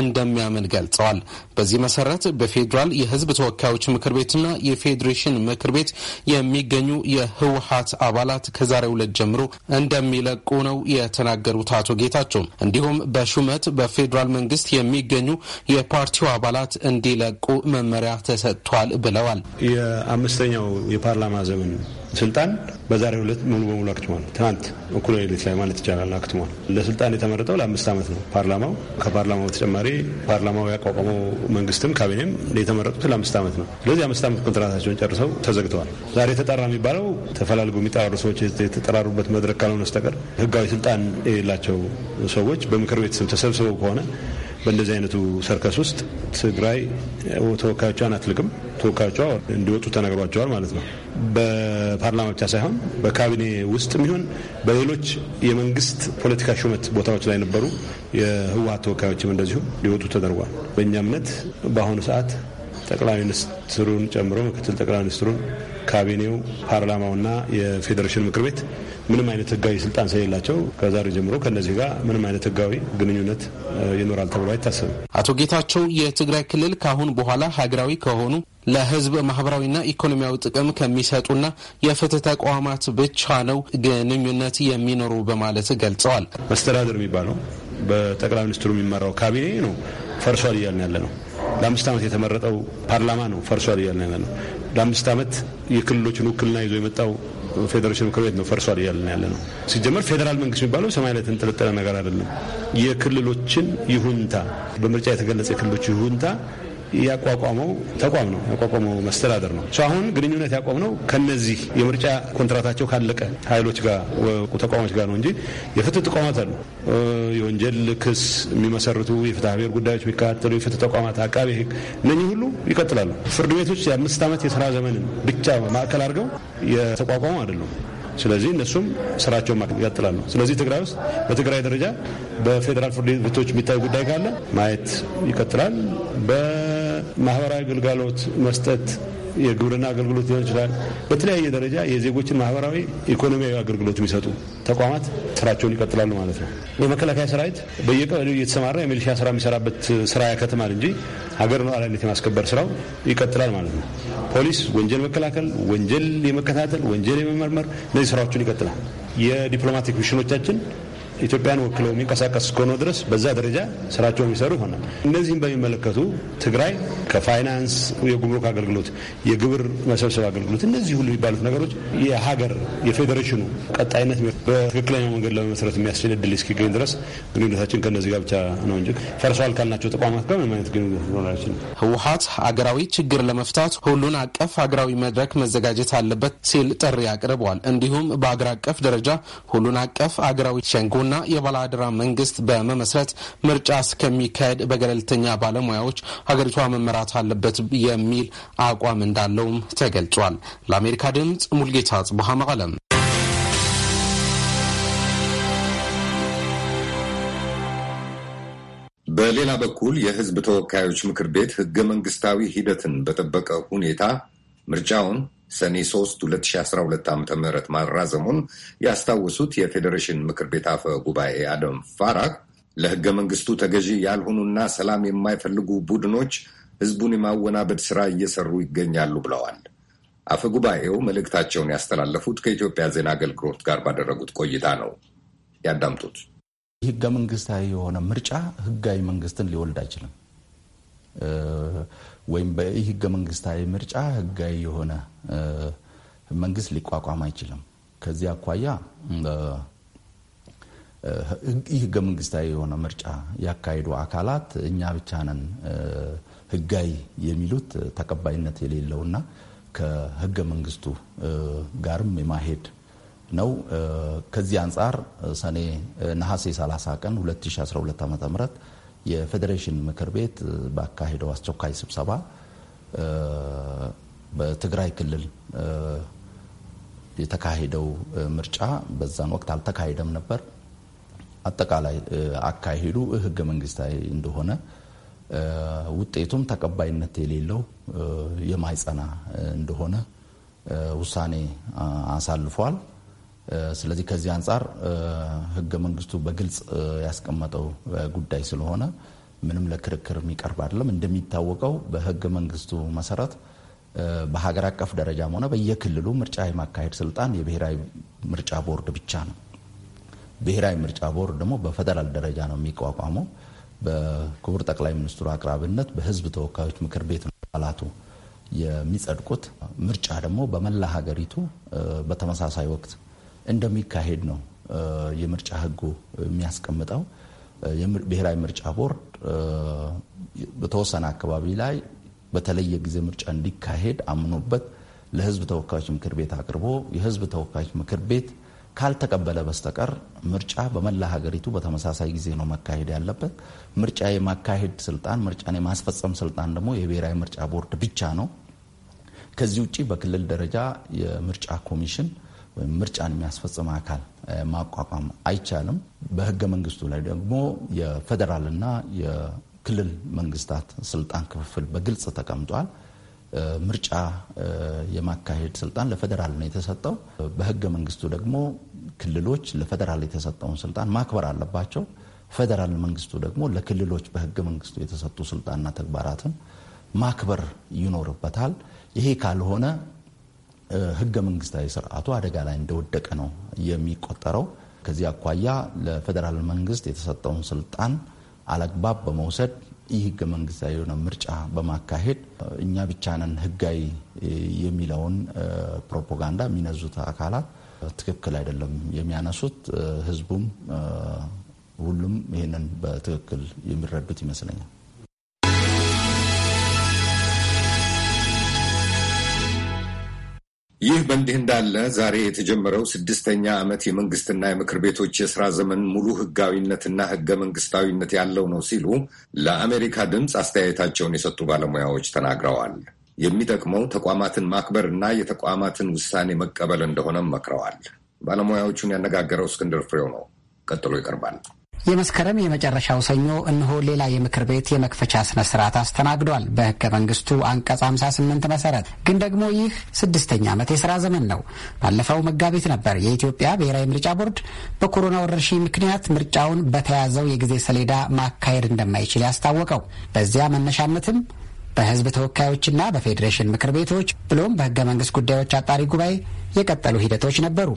እንደሚያምን ገልጸዋል። በዚህ መሰረት በፌዴራል የህዝብ የህዝብ ተወካዮች ምክር ቤትና የፌዴሬሽን ምክር ቤት የሚገኙ የህወሀት አባላት ከዛሬ ሁለት ጀምሮ እንደሚለቁ ነው የተናገሩት አቶ ጌታቸው። እንዲሁም በሹመት በፌዴራል መንግስት የሚገኙ የፓርቲው አባላት እንዲለቁ መመሪያ ተሰጥቷል ብለዋል። የአምስተኛው የፓርላማ ዘመን ስልጣን በዛሬ ሁለት ሙሉ በሙሉ አክትሟል። ትናንት እኩለ ሌሊት ላይ ማለት ይቻላል አክትሟል። ለስልጣን የተመረጠው ለአምስት ዓመት ነው ፓርላማው። ከፓርላማው በተጨማሪ ፓርላማው ያቋቋመው መንግስትም ካቢኔም የተመረጡት ለአምስት ዓመት ነው። ስለዚህ አምስት ዓመት ኮንትራታቸውን ጨርሰው ተዘግተዋል። ዛሬ ተጠራ የሚባለው ተፈላልጎ የሚጠራሩ ሰዎች የተጠራሩበት መድረክ ካልሆነ በስተቀር ህጋዊ ስልጣን የሌላቸው ሰዎች በምክር ቤት ስም ተሰብስበው ከሆነ በእንደዚህ አይነቱ ሰርከስ ውስጥ ትግራይ ተወካዮቿን አትልቅም። ተወካዮቿ እንዲወጡ ተነግሯቸዋል ማለት ነው። በፓርላማ ብቻ ሳይሆን በካቢኔ ውስጥ የሚሆን በሌሎች የመንግስት ፖለቲካ ሹመት ቦታዎች ላይ የነበሩ የህወሀት ተወካዮችም እንደዚሁ ሊወጡ ተደርጓል። በእኛ እምነት በአሁኑ ሰዓት ጠቅላይ ሚኒስትሩን ጨምሮ ምክትል ጠቅላይ ሚኒስትሩን፣ ካቢኔው፣ ፓርላማውና የፌዴሬሽን ምክር ቤት ምንም አይነት ህጋዊ ስልጣን ስለሌላቸው ከዛሬ ጀምሮ ከእነዚህ ጋር ምንም አይነት ህጋዊ ግንኙነት ይኖራል ተብሎ አይታሰብም። አቶ ጌታቸው የትግራይ ክልል ከአሁን በኋላ ሀገራዊ ከሆኑ ለህዝብ ማህበራዊና ኢኮኖሚያዊ ጥቅም ከሚሰጡና የፍትህ ተቋማት ብቻ ነው ግንኙነት የሚኖሩ በማለት ገልጸዋል። መስተዳደር የሚባለው በጠቅላይ ሚኒስትሩ የሚመራው ካቢኔ ነው ፈርሷል እያልን ያለ ነው። ለአምስት ዓመት የተመረጠው ፓርላማ ነው ፈርሷል እያልን ያለ ነው። ለአምስት ዓመት የክልሎችን ውክልና ይዞ የመጣው ፌዴሬሽን ምክር ቤት ነው ፈርሷል እያልን ያለ ነው። ሲጀመር ፌዴራል መንግስት የሚባለው ሰማይ ላይ የተንጠለጠለ ነገር አይደለም። የክልሎችን ይሁንታ በምርጫ የተገለጸ የክልሎች ይሁንታ ያቋቋመው ተቋም ነው ያቋቋመው መስተዳደር ነው። አሁን ግንኙነት ያቆምነው ከነዚህ የምርጫ ኮንትራታቸው ካለቀ ኃይሎች ጋር ተቋሞች ጋር ነው እንጂ የፍትህ ተቋማት አሉ። የወንጀል ክስ የሚመሰርቱ የፍትሐ ብሔር ጉዳዮች የሚከታተሉ የፍትህ ተቋማት፣ አቃቤ ሕግ እነኚህ ሁሉ ይቀጥላሉ። ፍርድ ቤቶች የአምስት ዓመት የስራ ዘመንን ብቻ ማዕከል አድርገው የተቋቋሙ አይደሉም። ስለዚህ እነሱም ስራቸውን ይቀጥላሉ። ስለዚህ ትግራይ ውስጥ በትግራይ ደረጃ በፌዴራል ፍርድ ቤቶች የሚታይ ጉዳይ ካለ ማየት ይቀጥላል። በማህበራዊ አገልጋሎት መስጠት የግብርና አገልግሎት ሊሆን ይችላል። በተለያየ ደረጃ የዜጎችን ማህበራዊ፣ ኢኮኖሚያዊ አገልግሎት የሚሰጡ ተቋማት ስራቸውን ይቀጥላሉ ማለት ነው። የመከላከያ ሰራዊት በየቀበሌው እየተሰማራ የሚሊሻ ስራ የሚሰራበት ስራ ያከትማል እንጂ ሀገር ሉዓላዊነት የማስከበር ስራው ይቀጥላል ማለት ነው። ፖሊስ ወንጀል መከላከል፣ ወንጀል የመከታተል፣ ወንጀል የመመርመር እነዚህ ስራዎችን ይቀጥላል። የዲፕሎማቲክ ሚሽኖቻችን ኢትዮጵያን ወክለው የሚንቀሳቀስ እስከሆነ ድረስ በዛ ደረጃ ስራቸው የሚሰሩ ይሆናል። እነዚህም በሚመለከቱ ትግራይ ከፋይናንስ፣ የጉምሩክ አገልግሎት፣ የግብር መሰብሰብ አገልግሎት እነዚህ ሁሉ የሚባሉት ነገሮች የሀገር የፌዴሬሽኑ ቀጣይነት በትክክለኛ መንገድ ለመመስረት የሚያስችል እድል እስኪገኝ ድረስ ግንኙነታችን ከነዚህ ጋር ብቻ ነው እንጂ ፈርሷል ካልናቸው ተቋማት ጋር ምንም አይነት ግንኙነት ኖራችን። ህወሀት አገራዊ ችግር ለመፍታት ሁሉን አቀፍ ሀገራዊ መድረክ መዘጋጀት አለበት ሲል ጥሪ አቅርበዋል። እንዲሁም በአገር አቀፍ ደረጃ ሁሉን አቀፍ አገራዊ ሸንጎ የኦሮሞና የባላድራ መንግስት በመመስረት ምርጫ እስከሚካሄድ በገለልተኛ ባለሙያዎች ሀገሪቷ መመራት አለበት የሚል አቋም እንዳለውም ተገልጿል። ለአሜሪካ ድምጽ ሙልጌታ ጽቡሃ መቀለም። በሌላ በኩል የህዝብ ተወካዮች ምክር ቤት ህገ መንግስታዊ ሂደትን በጠበቀ ሁኔታ ምርጫውን ሰኔ 3 2012 ዓ ም ማራዘሙን ያስታወሱት የፌዴሬሽን ምክር ቤት አፈ ጉባኤ አደም ፋራክ ለህገ መንግስቱ ተገዢ ያልሆኑና ሰላም የማይፈልጉ ቡድኖች ህዝቡን የማወናበድ ስራ እየሰሩ ይገኛሉ ብለዋል። አፈ ጉባኤው መልእክታቸውን ያስተላለፉት ከኢትዮጵያ ዜና አገልግሎት ጋር ባደረጉት ቆይታ ነው። ያዳምጡት። ህገ መንግስታዊ የሆነ ምርጫ ህጋዊ መንግስትን ሊወልድ አይችልም። ወይም በህገ መንግስታዊ ምርጫ ህጋዊ የሆነ መንግስት ሊቋቋም አይችልም። ከዚህ አኳያ ይህ ህገ መንግስታዊ የሆነ ምርጫ ያካሄዱ አካላት እኛ ብቻ ነን ህጋዊ የሚሉት ተቀባይነት የሌለውና ከህገ መንግስቱ ጋርም የማሄድ ነው። ከዚህ አንጻር ሰኔ ነሐሴ 30 ቀን 2012 .ም። የፌዴሬሽን ምክር ቤት ባካሄደው አስቸኳይ ስብሰባ በትግራይ ክልል የተካሄደው ምርጫ በዛን ወቅት አልተካሄደም ነበር። አጠቃላይ አካሄዱ ህገ መንግስታዊ እንደሆነ ውጤቱም ተቀባይነት የሌለው የማይጸና እንደሆነ ውሳኔ አሳልፏል። ስለዚህ ከዚህ አንጻር ህገ መንግስቱ በግልጽ ያስቀመጠው ጉዳይ ስለሆነ ምንም ለክርክር የሚቀርብ አይደለም። እንደሚታወቀው በህገ መንግስቱ መሰረት በሀገር አቀፍ ደረጃም ሆነ በየክልሉ ምርጫ የማካሄድ ስልጣን የብሔራዊ ምርጫ ቦርድ ብቻ ነው። ብሔራዊ ምርጫ ቦርድ ደግሞ በፌደራል ደረጃ ነው የሚቋቋመው። በክቡር ጠቅላይ ሚኒስትሩ አቅራቢነት በህዝብ ተወካዮች ምክር ቤት ነው አባላቱ የሚጸድቁት። ምርጫ ደግሞ በመላ ሀገሪቱ በተመሳሳይ ወቅት እንደሚካሄድ ነው የምርጫ ህጉ የሚያስቀምጠው። ብሔራዊ ምርጫ ቦርድ በተወሰነ አካባቢ ላይ በተለየ ጊዜ ምርጫ እንዲካሄድ አምኖበት ለህዝብ ተወካዮች ምክር ቤት አቅርቦ የህዝብ ተወካዮች ምክር ቤት ካልተቀበለ በስተቀር ምርጫ በመላ ሀገሪቱ በተመሳሳይ ጊዜ ነው መካሄድ ያለበት። ምርጫ የማካሄድ ስልጣን፣ ምርጫን የማስፈጸም ስልጣን ደግሞ የብሔራዊ ምርጫ ቦርድ ብቻ ነው። ከዚህ ውጭ በክልል ደረጃ የምርጫ ኮሚሽን ወይም ምርጫን የሚያስፈጽም አካል ማቋቋም አይቻልም። በህገ መንግስቱ ላይ ደግሞ የፌዴራልና የክልል መንግስታት ስልጣን ክፍፍል በግልጽ ተቀምጧል። ምርጫ የማካሄድ ስልጣን ለፌዴራል ነው የተሰጠው። በህገ መንግስቱ ደግሞ ክልሎች ለፌዴራል የተሰጠውን ስልጣን ማክበር አለባቸው። ፌዴራል መንግስቱ ደግሞ ለክልሎች በህገ መንግስቱ የተሰጡ ስልጣንና ተግባራትን ማክበር ይኖርበታል። ይሄ ካልሆነ ህገ መንግስታዊ ስርዓቱ አደጋ ላይ እንደወደቀ ነው የሚቆጠረው። ከዚህ አኳያ ለፌዴራል መንግስት የተሰጠውን ስልጣን አለግባብ በመውሰድ ይህ ህገ መንግስታዊ የሆነ ምርጫ በማካሄድ እኛ ብቻንን ህጋዊ የሚለውን ፕሮፓጋንዳ የሚነዙት አካላት ትክክል አይደለም የሚያነሱት። ህዝቡም ሁሉም ይህንን በትክክል የሚረዱት ይመስለኛል። ይህ በእንዲህ እንዳለ ዛሬ የተጀመረው ስድስተኛ ዓመት የመንግስትና የምክር ቤቶች የስራ ዘመን ሙሉ ህጋዊነትና ህገ መንግስታዊነት ያለው ነው ሲሉ ለአሜሪካ ድምፅ አስተያየታቸውን የሰጡ ባለሙያዎች ተናግረዋል። የሚጠቅመው ተቋማትን ማክበር እና የተቋማትን ውሳኔ መቀበል እንደሆነም መክረዋል። ባለሙያዎቹን ያነጋገረው እስክንድር ፍሬው ነው። ቀጥሎ ይቀርባል። የመስከረም የመጨረሻው ሰኞ እነሆ ሌላ የምክር ቤት የመክፈቻ ስነ ስርዓት አስተናግዷል። በህገ መንግስቱ አንቀጽ 58 መሰረት ግን ደግሞ ይህ ስድስተኛ ዓመት የስራ ዘመን ነው። ባለፈው መጋቢት ነበር የኢትዮጵያ ብሔራዊ ምርጫ ቦርድ በኮሮና ወረርሽኝ ምክንያት ምርጫውን በተያዘው የጊዜ ሰሌዳ ማካሄድ እንደማይችል ያስታወቀው። በዚያ መነሻነትም በህዝብ ተወካዮችና በፌዴሬሽን ምክር ቤቶች ብሎም በህገ መንግስት ጉዳዮች አጣሪ ጉባኤ የቀጠሉ ሂደቶች ነበሩ።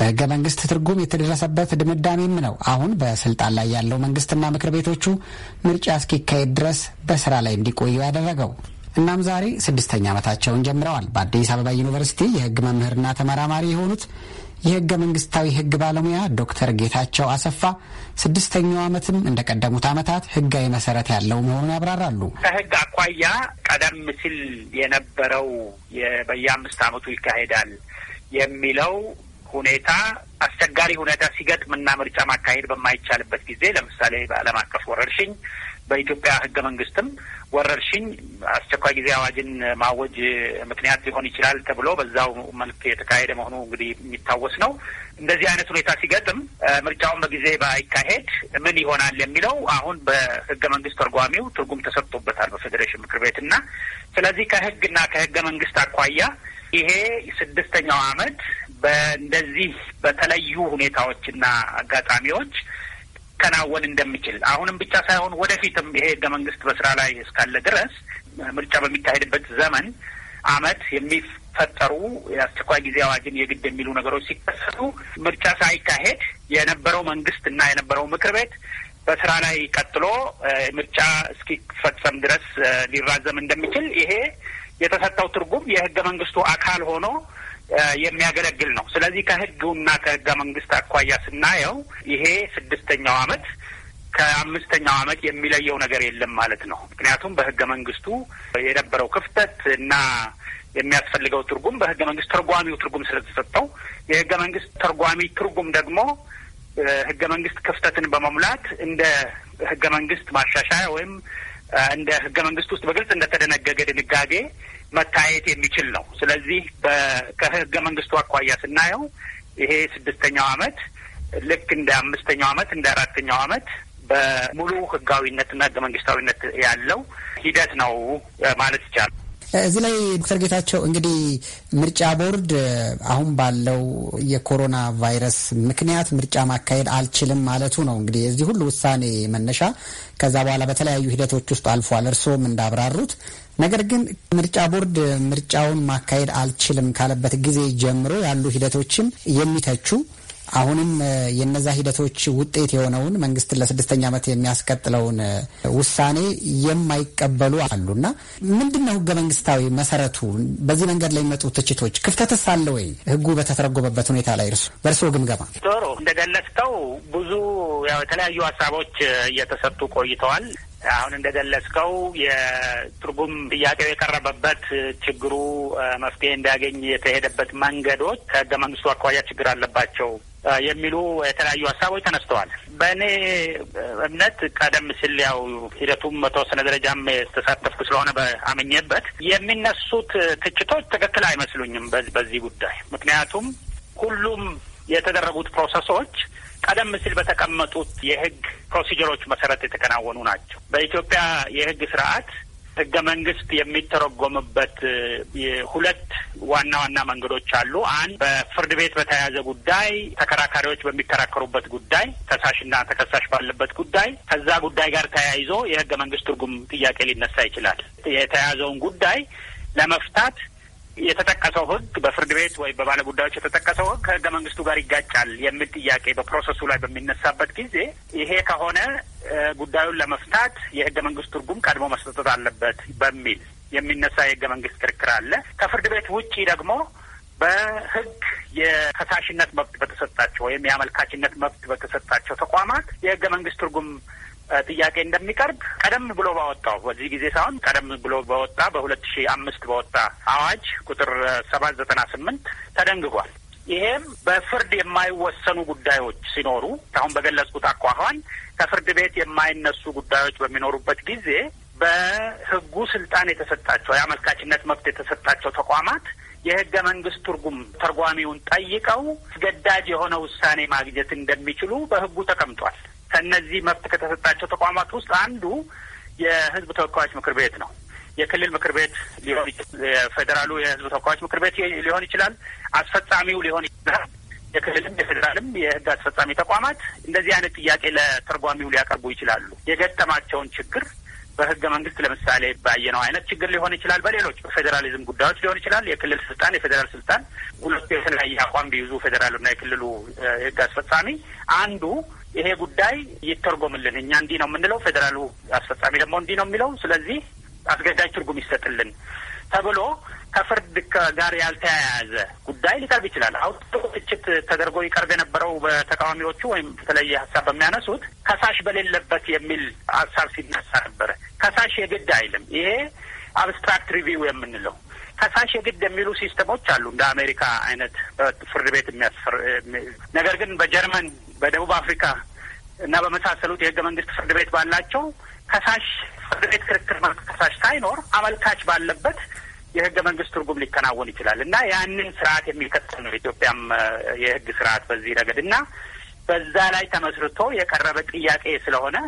በህገ መንግስት ትርጉም የተደረሰበት ድምዳሜም ነው አሁን በስልጣን ላይ ያለው መንግስትና ምክር ቤቶቹ ምርጫ እስኪካሄድ ድረስ በስራ ላይ እንዲቆዩ ያደረገው። እናም ዛሬ ስድስተኛ ዓመታቸውን ጀምረዋል። በአዲስ አበባ ዩኒቨርሲቲ የህግ መምህርና ተመራማሪ የሆኑት የህገ መንግስታዊ ህግ ባለሙያ ዶክተር ጌታቸው አሰፋ ስድስተኛው ዓመትም እንደ ቀደሙት ዓመታት ህጋዊ መሰረት ያለው መሆኑን ያብራራሉ። ከህግ አኳያ ቀደም ሲል የነበረው በየአምስት ዓመቱ ይካሄዳል የሚለው ሁኔታ አስቸጋሪ ሁኔታ ሲገጥምና ምርጫ ማካሄድ በማይቻልበት ጊዜ ለምሳሌ በዓለም አቀፍ ወረርሽኝ በኢትዮጵያ ህገ መንግስትም ወረርሽኝ አስቸኳይ ጊዜ አዋጅን ማወጅ ምክንያት ሊሆን ይችላል ተብሎ በዛው መልክ የተካሄደ መሆኑ እንግዲህ የሚታወስ ነው። እንደዚህ አይነት ሁኔታ ሲገጥም ምርጫውን በጊዜ ባይካሄድ ምን ይሆናል የሚለው አሁን በህገ መንግስት ተርጓሚው ትርጉም ተሰጥቶበታል በፌዴሬሽን ምክር ቤት እና ስለዚህ ከህግና ከህገ መንግስት አኳያ ይሄ ስድስተኛው አመት በእንደዚህ በተለዩ ሁኔታዎችና አጋጣሚዎች ከናወን እንደሚችል አሁንም ብቻ ሳይሆን ወደፊትም ይሄ ህገ መንግስት በስራ ላይ እስካለ ድረስ ምርጫ በሚካሄድበት ዘመን አመት የሚፈጠሩ የአስቸኳይ ጊዜ አዋጅን የግድ የሚሉ ነገሮች ሲከሰቱ ምርጫ ሳይካሄድ የነበረው መንግስት እና የነበረው ምክር ቤት በስራ ላይ ቀጥሎ ምርጫ እስኪፈጸም ድረስ ሊራዘም እንደሚችል ይሄ የተሰጠው ትርጉም የህገ መንግስቱ አካል ሆኖ የሚያገለግል ነው። ስለዚህ ከህጉና ከህገ መንግስት አኳያ ስናየው ይሄ ስድስተኛው አመት ከአምስተኛው አመት የሚለየው ነገር የለም ማለት ነው። ምክንያቱም በህገ መንግስቱ የነበረው ክፍተት እና የሚያስፈልገው ትርጉም በህገ መንግስት ተርጓሚው ትርጉም ስለተሰጠው የህገ መንግስት ተርጓሚ ትርጉም ደግሞ ህገ መንግስት ክፍተትን በመሙላት እንደ ህገ መንግስት ማሻሻያ ወይም እንደ ህገ መንግስት ውስጥ በግልጽ እንደተደነገገ ድንጋጌ መታየት የሚችል ነው። ስለዚህ ከህገ መንግስቱ አኳያ ስናየው ይሄ ስድስተኛው አመት ልክ እንደ አምስተኛው አመት እንደ አራተኛው አመት በሙሉ ህጋዊነትና ህገ መንግስታዊነት ያለው ሂደት ነው ማለት ይቻላል። እዚህ ላይ ዶክተር ጌታቸው እንግዲህ ምርጫ ቦርድ አሁን ባለው የኮሮና ቫይረስ ምክንያት ምርጫ ማካሄድ አልችልም ማለቱ ነው እንግዲህ እዚህ ሁሉ ውሳኔ መነሻ። ከዛ በኋላ በተለያዩ ሂደቶች ውስጥ አልፏል፣ እርስዎም እንዳብራሩት። ነገር ግን ምርጫ ቦርድ ምርጫውን ማካሄድ አልችልም ካለበት ጊዜ ጀምሮ ያሉ ሂደቶችን የሚተቹ አሁንም የነዛ ሂደቶች ውጤት የሆነውን መንግስትን ለስድስተኛ ዓመት የሚያስቀጥለውን ውሳኔ የማይቀበሉ እና ምንድን ነው ህገ መንግስታዊ መሰረቱ? በዚህ መንገድ ላይ የሚመጡ ትችቶች ክፍተትስ አለ ወይ? ህጉ በተተረጎመበት ሁኔታ ላይ እርሱ በእርስዎ ግምገማ። ጥሩ እንደገለጽከው ብዙ ያው የተለያዩ ሀሳቦች እየተሰጡ ቆይተዋል። አሁን እንደገለጽከው የትርጉም ጥያቄው የቀረበበት ችግሩ መፍትሄ እንዲያገኝ የተሄደበት መንገዶች ከህገ መንግስቱ አኳያ ችግር አለባቸው የሚሉ የተለያዩ ሀሳቦች ተነስተዋል። በእኔ እምነት ቀደም ሲል ያው ሂደቱም በተወሰነ ደረጃም የተሳተፍኩ ስለሆነ በአመኘበት የሚነሱት ትችቶች ትክክል አይመስሉኝም በዚህ ጉዳይ ምክንያቱም ሁሉም የተደረጉት ፕሮሰሶች ቀደም ሲል በተቀመጡት የህግ ፕሮሲጀሮች መሰረት የተከናወኑ ናቸው። በኢትዮጵያ የህግ ስርዓት ህገ መንግስት የሚተረጎምበት ሁለት ዋና ዋና መንገዶች አሉ። አንድ በፍርድ ቤት በተያያዘ ጉዳይ ተከራካሪዎች በሚከራከሩበት ጉዳይ፣ ከሳሽና ተከሳሽ ባለበት ጉዳይ ከዛ ጉዳይ ጋር ተያይዞ የህገ መንግስት ትርጉም ጥያቄ ሊነሳ ይችላል። የተያያዘውን ጉዳይ ለመፍታት የተጠቀሰው ህግ በፍርድ ቤት ወይም በባለ ጉዳዮች የተጠቀሰው ህግ ከህገ መንግስቱ ጋር ይጋጫል የሚል ጥያቄ በፕሮሰሱ ላይ በሚነሳበት ጊዜ ይሄ ከሆነ ጉዳዩን ለመፍታት የህገ መንግስት ትርጉም ቀድሞ መሰጠት አለበት በሚል የሚነሳ የህገ መንግስት ክርክር አለ። ከፍርድ ቤት ውጪ ደግሞ በህግ የከሳሽነት መብት በተሰጣቸው ወይም የአመልካችነት መብት በተሰጣቸው ተቋማት የህገ መንግስት ትርጉም ጥያቄ እንደሚቀርብ ቀደም ብሎ ባወጣው በዚህ ጊዜ ሳይሆን ቀደም ብሎ በወጣ በሁለት ሺ አምስት በወጣ አዋጅ ቁጥር ሰባት ዘጠና ስምንት ተደንግጓል። ይሄም በፍርድ የማይወሰኑ ጉዳዮች ሲኖሩ አሁን በገለጽኩት አኳኋን ከፍርድ ቤት የማይነሱ ጉዳዮች በሚኖሩበት ጊዜ በህጉ ስልጣን የተሰጣቸው የአመልካችነት መብት የተሰጣቸው ተቋማት የህገ መንግስት ትርጉም ተርጓሚውን ጠይቀው አስገዳጅ የሆነ ውሳኔ ማግኘት እንደሚችሉ በህጉ ተቀምጧል። ከእነዚህ መብት ከተሰጣቸው ተቋማት ውስጥ አንዱ የህዝብ ተወካዮች ምክር ቤት ነው። የክልል ምክር ቤት ሊሆን የፌዴራሉ የህዝብ ተወካዮች ምክር ቤት ሊሆን ይችላል። አስፈጻሚው ሊሆን ይችላል። የክልልም የፌዴራልም የህግ አስፈጻሚ ተቋማት እንደዚህ አይነት ጥያቄ ለተርጓሚው ሊያቀርቡ ይችላሉ። የገጠማቸውን ችግር በህገ መንግስት ለምሳሌ ባየነው አይነት ችግር ሊሆን ይችላል። በሌሎች በፌዴራሊዝም ጉዳዮች ሊሆን ይችላል። የክልል ስልጣን፣ የፌዴራል ስልጣን ሁለቱ የተለያየ አቋም ቢይዙ ፌዴራሉና የክልሉ የህግ አስፈጻሚ አንዱ ይሄ ጉዳይ ይተርጎምልን፣ እኛ እንዲህ ነው የምንለው፣ ፌዴራሉ አስፈጻሚ ደግሞ እንዲህ ነው የሚለው፣ ስለዚህ አስገዳጅ ትርጉም ይሰጥልን ተብሎ ከፍርድ ጋር ያልተያያዘ ጉዳይ ሊቀርብ ይችላል። አሁን ትችት ተደርጎ ይቀርብ የነበረው በተቃዋሚዎቹ ወይም በተለየ ሀሳብ በሚያነሱት ከሳሽ በሌለበት የሚል ሀሳብ ሲነሳ ነበረ። ከሳሽ የግድ አይልም። ይሄ አብስትራክት ሪቪው የምንለው ፈሳሽ የግድ የሚሉ ሲስተሞች አሉ እንደ አሜሪካ አይነት ፍርድ ቤት የሚያስፈር ነገር ግን በጀርመን በደቡብ አፍሪካ እና በመሳሰሉት የህገ መንግስት ፍርድ ቤት ባላቸው ከሳሽ ፍርድ ቤት ክርክር ከሳሽ ሳይኖር አመልካች ባለበት የህገ መንግስት ትርጉም ሊከናወን ይችላል እና ያንን ስርዓት የሚከተል ነው ኢትዮጵያም የህግ ስርዓት በዚህ ረገድ እና በዛ ላይ ተመስርቶ የቀረበ ጥያቄ ስለሆነ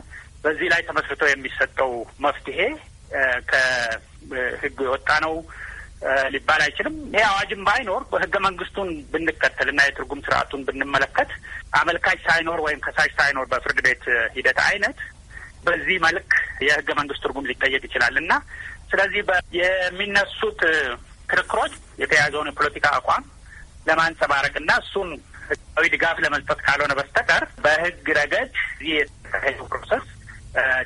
በዚህ ላይ ተመስርቶ የሚሰጠው መፍትሄ ከህግ የወጣ ነው። ሊባል አይችልም። ይሄ አዋጅም ባይኖር በህገ መንግስቱን ብንከተልና የትርጉም ስርዓቱን ብንመለከት አመልካች ሳይኖር ወይም ከሳሽ ሳይኖር በፍርድ ቤት ሂደት አይነት በዚህ መልክ የህገ መንግስት ትርጉም ሊጠየቅ ይችላል እና ስለዚህ የሚነሱት ክርክሮች የተያዘውን የፖለቲካ አቋም ለማንጸባረቅና እሱን ህጋዊ ድጋፍ ለመስጠት ካልሆነ በስተቀር በህግ ረገድ ይህ ፕሮሰስ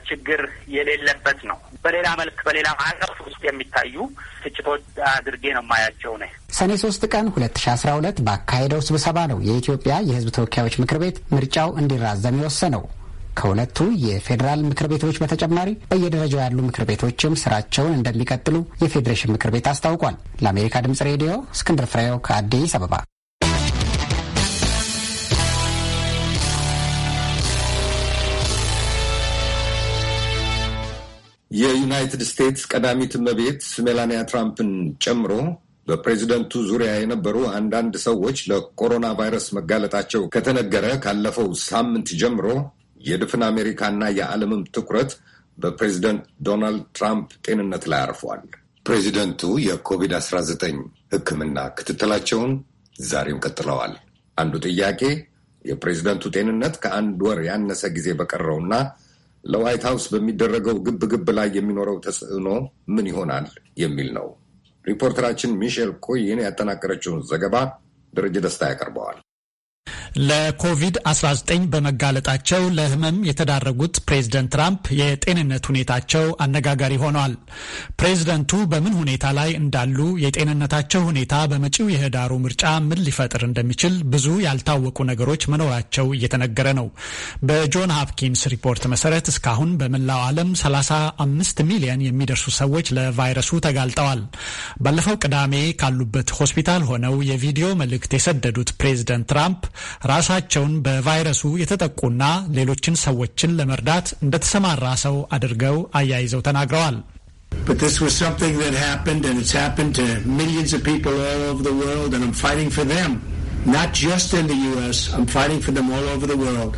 ችግር የሌለበት ነው። በሌላ መልክ በሌላ ማዕቀፍ ውስጥ የሚታዩ ትችቶች አድርጌ ነው የማያቸው ነ ሰኔ ሶስት ቀን ሁለት ሺ አስራ ሁለት ባካሄደው ስብሰባ ነው የኢትዮጵያ የሕዝብ ተወካዮች ምክር ቤት ምርጫው እንዲራዘም የወሰነው። ከሁለቱ የፌዴራል ምክር ቤቶች በተጨማሪ በየደረጃው ያሉ ምክር ቤቶችም ስራቸውን እንደሚቀጥሉ የፌዴሬሽን ምክር ቤት አስታውቋል። ለአሜሪካ ድምጽ ሬዲዮ እስክንድር ፍሬው ከአዲስ አበባ የዩናይትድ ስቴትስ ቀዳሚት እመቤት ሜላኒያ ትራምፕን ጨምሮ በፕሬዚደንቱ ዙሪያ የነበሩ አንዳንድ ሰዎች ለኮሮና ቫይረስ መጋለጣቸው ከተነገረ ካለፈው ሳምንት ጀምሮ የድፍን አሜሪካና የዓለምም ትኩረት በፕሬዚደንት ዶናልድ ትራምፕ ጤንነት ላይ አርፏል። ፕሬዚደንቱ የኮቪድ-19 ሕክምና ክትትላቸውን ዛሬም ቀጥለዋል። አንዱ ጥያቄ የፕሬዚደንቱ ጤንነት ከአንድ ወር ያነሰ ጊዜ በቀረውና ለዋይት ሀውስ በሚደረገው ግብ ግብ ላይ የሚኖረው ተጽዕኖ ምን ይሆናል የሚል ነው። ሪፖርተራችን ሚሼል ኮይን ያጠናቀረችውን ዘገባ ደረጀ ደስታ ያቀርበዋል። ለኮቪድ-19 በመጋለጣቸው ለህመም የተዳረጉት ፕሬዝደንት ትራምፕ የጤንነት ሁኔታቸው አነጋጋሪ ሆኗል። ፕሬዝደንቱ በምን ሁኔታ ላይ እንዳሉ፣ የጤንነታቸው ሁኔታ በመጪው የህዳሩ ምርጫ ምን ሊፈጥር እንደሚችል ብዙ ያልታወቁ ነገሮች መኖራቸው እየተነገረ ነው። በጆን ሀፕኪንስ ሪፖርት መሰረት እስካሁን በመላው ዓለም 35 ሚሊዮን የሚደርሱ ሰዎች ለቫይረሱ ተጋልጠዋል። ባለፈው ቅዳሜ ካሉበት ሆስፒታል ሆነው የቪዲዮ መልእክት የሰደዱት ፕሬዝደንት ትራምፕ ራሳቸውን በቫይረሱ የተጠቁና ሌሎችን ሰዎችን ለመርዳት እንደተሰማራ ሰው አድርገው አያይዘው ተናግረዋል። But this was something that happened, and it's happened to millions of people all over the world, and I'm fighting for them. Not just in the U.S., I'm fighting for them all over the world.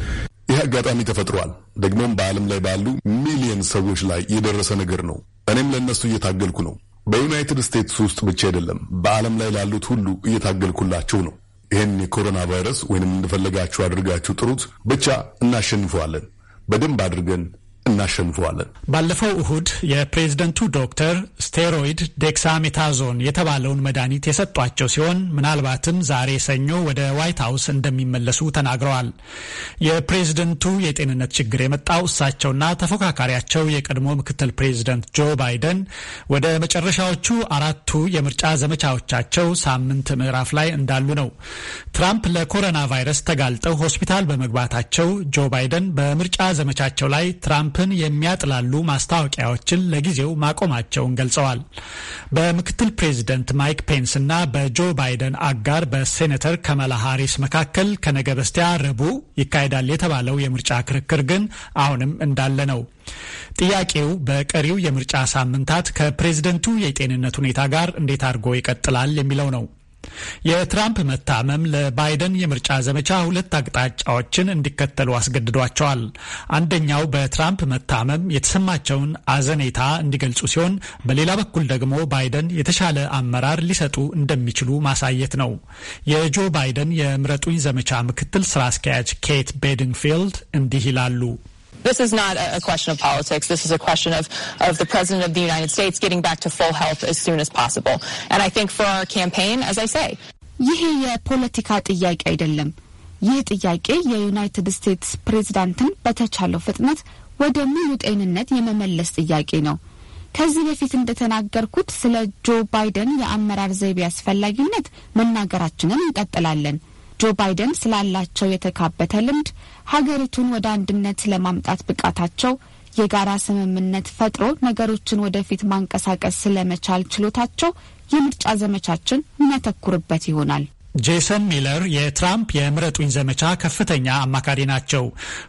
ይህ አጋጣሚ ተፈጥሯል። ደግሞም በዓለም ላይ ባሉ ሚሊየን ሰዎች ላይ የደረሰ ነገር ነው። እኔም ለእነሱ እየታገልኩ ነው። በዩናይትድ ስቴትስ ውስጥ ብቻ አይደለም፣ በዓለም ላይ ላሉት ሁሉ እየታገልኩላቸው ነው። ይህን የኮሮና ቫይረስ ወይንም እንደፈለጋችሁ አድርጋችሁ ጥሩት፣ ብቻ እናሸንፈዋለን። በደንብ አድርገን እናሸንፈዋለን። ባለፈው እሁድ የፕሬዝደንቱ ዶክተር ስቴሮይድ ዴክሳሜታዞን የተባለውን መድኃኒት የሰጧቸው ሲሆን ምናልባትም ዛሬ ሰኞ ወደ ዋይት ሀውስ እንደሚመለሱ ተናግረዋል። የፕሬዝደንቱ የጤንነት ችግር የመጣው እሳቸውና ተፎካካሪያቸው የቀድሞ ምክትል ፕሬዝደንት ጆ ባይደን ወደ መጨረሻዎቹ አራቱ የምርጫ ዘመቻዎቻቸው ሳምንት ምዕራፍ ላይ እንዳሉ ነው። ትራምፕ ለኮሮና ቫይረስ ተጋልጠው ሆስፒታል በመግባታቸው ጆ ባይደን በምርጫ ዘመቻቸው ላይ ትራምፕ ትራምፕን የሚያጥላሉ ማስታወቂያዎችን ለጊዜው ማቆማቸውን ገልጸዋል። በምክትል ፕሬዚደንት ማይክ ፔንስ እና በጆ ባይደን አጋር በሴኔተር ከመላ ሃሪስ መካከል ከነገ በስቲያ ረቡዕ ይካሄዳል የተባለው የምርጫ ክርክር ግን አሁንም እንዳለ ነው። ጥያቄው በቀሪው የምርጫ ሳምንታት ከፕሬዝደንቱ የጤንነት ሁኔታ ጋር እንዴት አድርጎ ይቀጥላል የሚለው ነው። የትራምፕ መታመም ለባይደን የምርጫ ዘመቻ ሁለት አቅጣጫዎችን እንዲከተሉ አስገድዷቸዋል። አንደኛው በትራምፕ መታመም የተሰማቸውን አዘኔታ እንዲገልጹ ሲሆን፣ በሌላ በኩል ደግሞ ባይደን የተሻለ አመራር ሊሰጡ እንደሚችሉ ማሳየት ነው። የጆ ባይደን የምረጡኝ ዘመቻ ምክትል ስራ አስኪያጅ ኬት ቤድንግፊልድ እንዲህ ይላሉ። This is not a question of politics. This is a question of, of the President of the United States getting back to full health as soon as possible. And I think for our campaign, as I say, ይህ ጥያቄ የዩናይትድ ስቴትስ ፕሬዝዳንትን በተቻለው ፍጥነት ወደ ሙሉ ጤንነት የመመለስ ጥያቄ ነው። ከዚህ በፊት እንደተናገርኩት ስለ ጆ ባይደን የአመራር ዘይቤ አስፈላጊነት መናገራችንን እንቀጥላለን። ጆ ባይደን ስላላቸው የተካበተ ልምድ፣ ሀገሪቱን ወደ አንድነት ለማምጣት ብቃታቸው፣ የጋራ ስምምነት ፈጥሮ ነገሮችን ወደፊት ማንቀሳቀስ ስለመቻል ችሎታቸው የምርጫ ዘመቻችን የሚያተኩርበት ይሆናል። ጄሰን ሚለር የትራምፕ የምረጡኝ ዘመቻ ከፍተኛ አማካሪ ናቸው።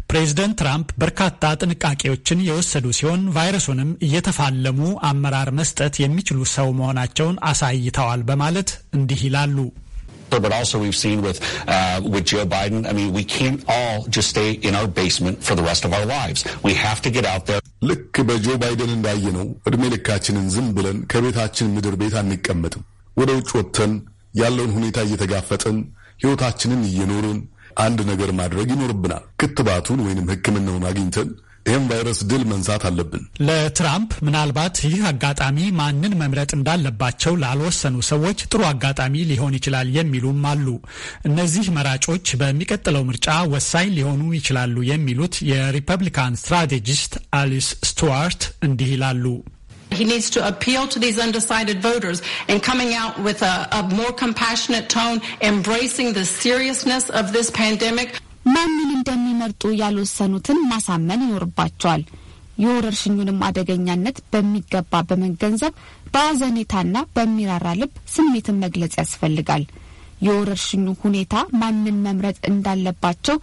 ፕሬዝደንት ትራምፕ በርካታ ጥንቃቄዎችን የወሰዱ ሲሆን ቫይረሱንም እየተፋለሙ አመራር መስጠት የሚችሉ ሰው መሆናቸውን አሳይተዋል በማለት እንዲህ ይላሉ። but also we've seen with uh, with Joe Biden. I mean, we can't all just stay in our basement for the rest of our lives. We have to get out there. ልክ በጆ ባይደን እንዳየነው እድሜ ልካችንን ዝም ብለን ከቤታችን ምድር ቤት አንቀመጥም። ወደ ውጭ ወጥተን ያለውን ሁኔታ እየተጋፈጥን ሕይወታችንን እየኖርን አንድ ነገር ማድረግ ይኖርብናል። ክትባቱን ወይንም ሕክምናውን አግኝተን ይህም ቫይረስ ድል መንሳት አለብን። ለትራምፕ ምናልባት ይህ አጋጣሚ ማንን መምረጥ እንዳለባቸው ላልወሰኑ ሰዎች ጥሩ አጋጣሚ ሊሆን ይችላል የሚሉም አሉ። እነዚህ መራጮች በሚቀጥለው ምርጫ ወሳኝ ሊሆኑ ይችላሉ የሚሉት የሪፐብሊካን ስትራቴጂስት አሊስ ስቱዋርት እንዲህ ይላሉ። He needs to appeal to these undecided voters and coming out with a, a more compassionate tone, embracing the seriousness of this pandemic. ማንን እንደሚመርጡ ያልወሰኑትን ማሳመን ይኖርባቸዋል። የወረርሽኙንም አደገኛነት በሚገባ በመገንዘብ በአዘኔታና በሚራራ ልብ ስሜትን መግለጽ ያስፈልጋል። የወረርሽኙ ሁኔታ ማንን መምረጥ እንዳለባቸው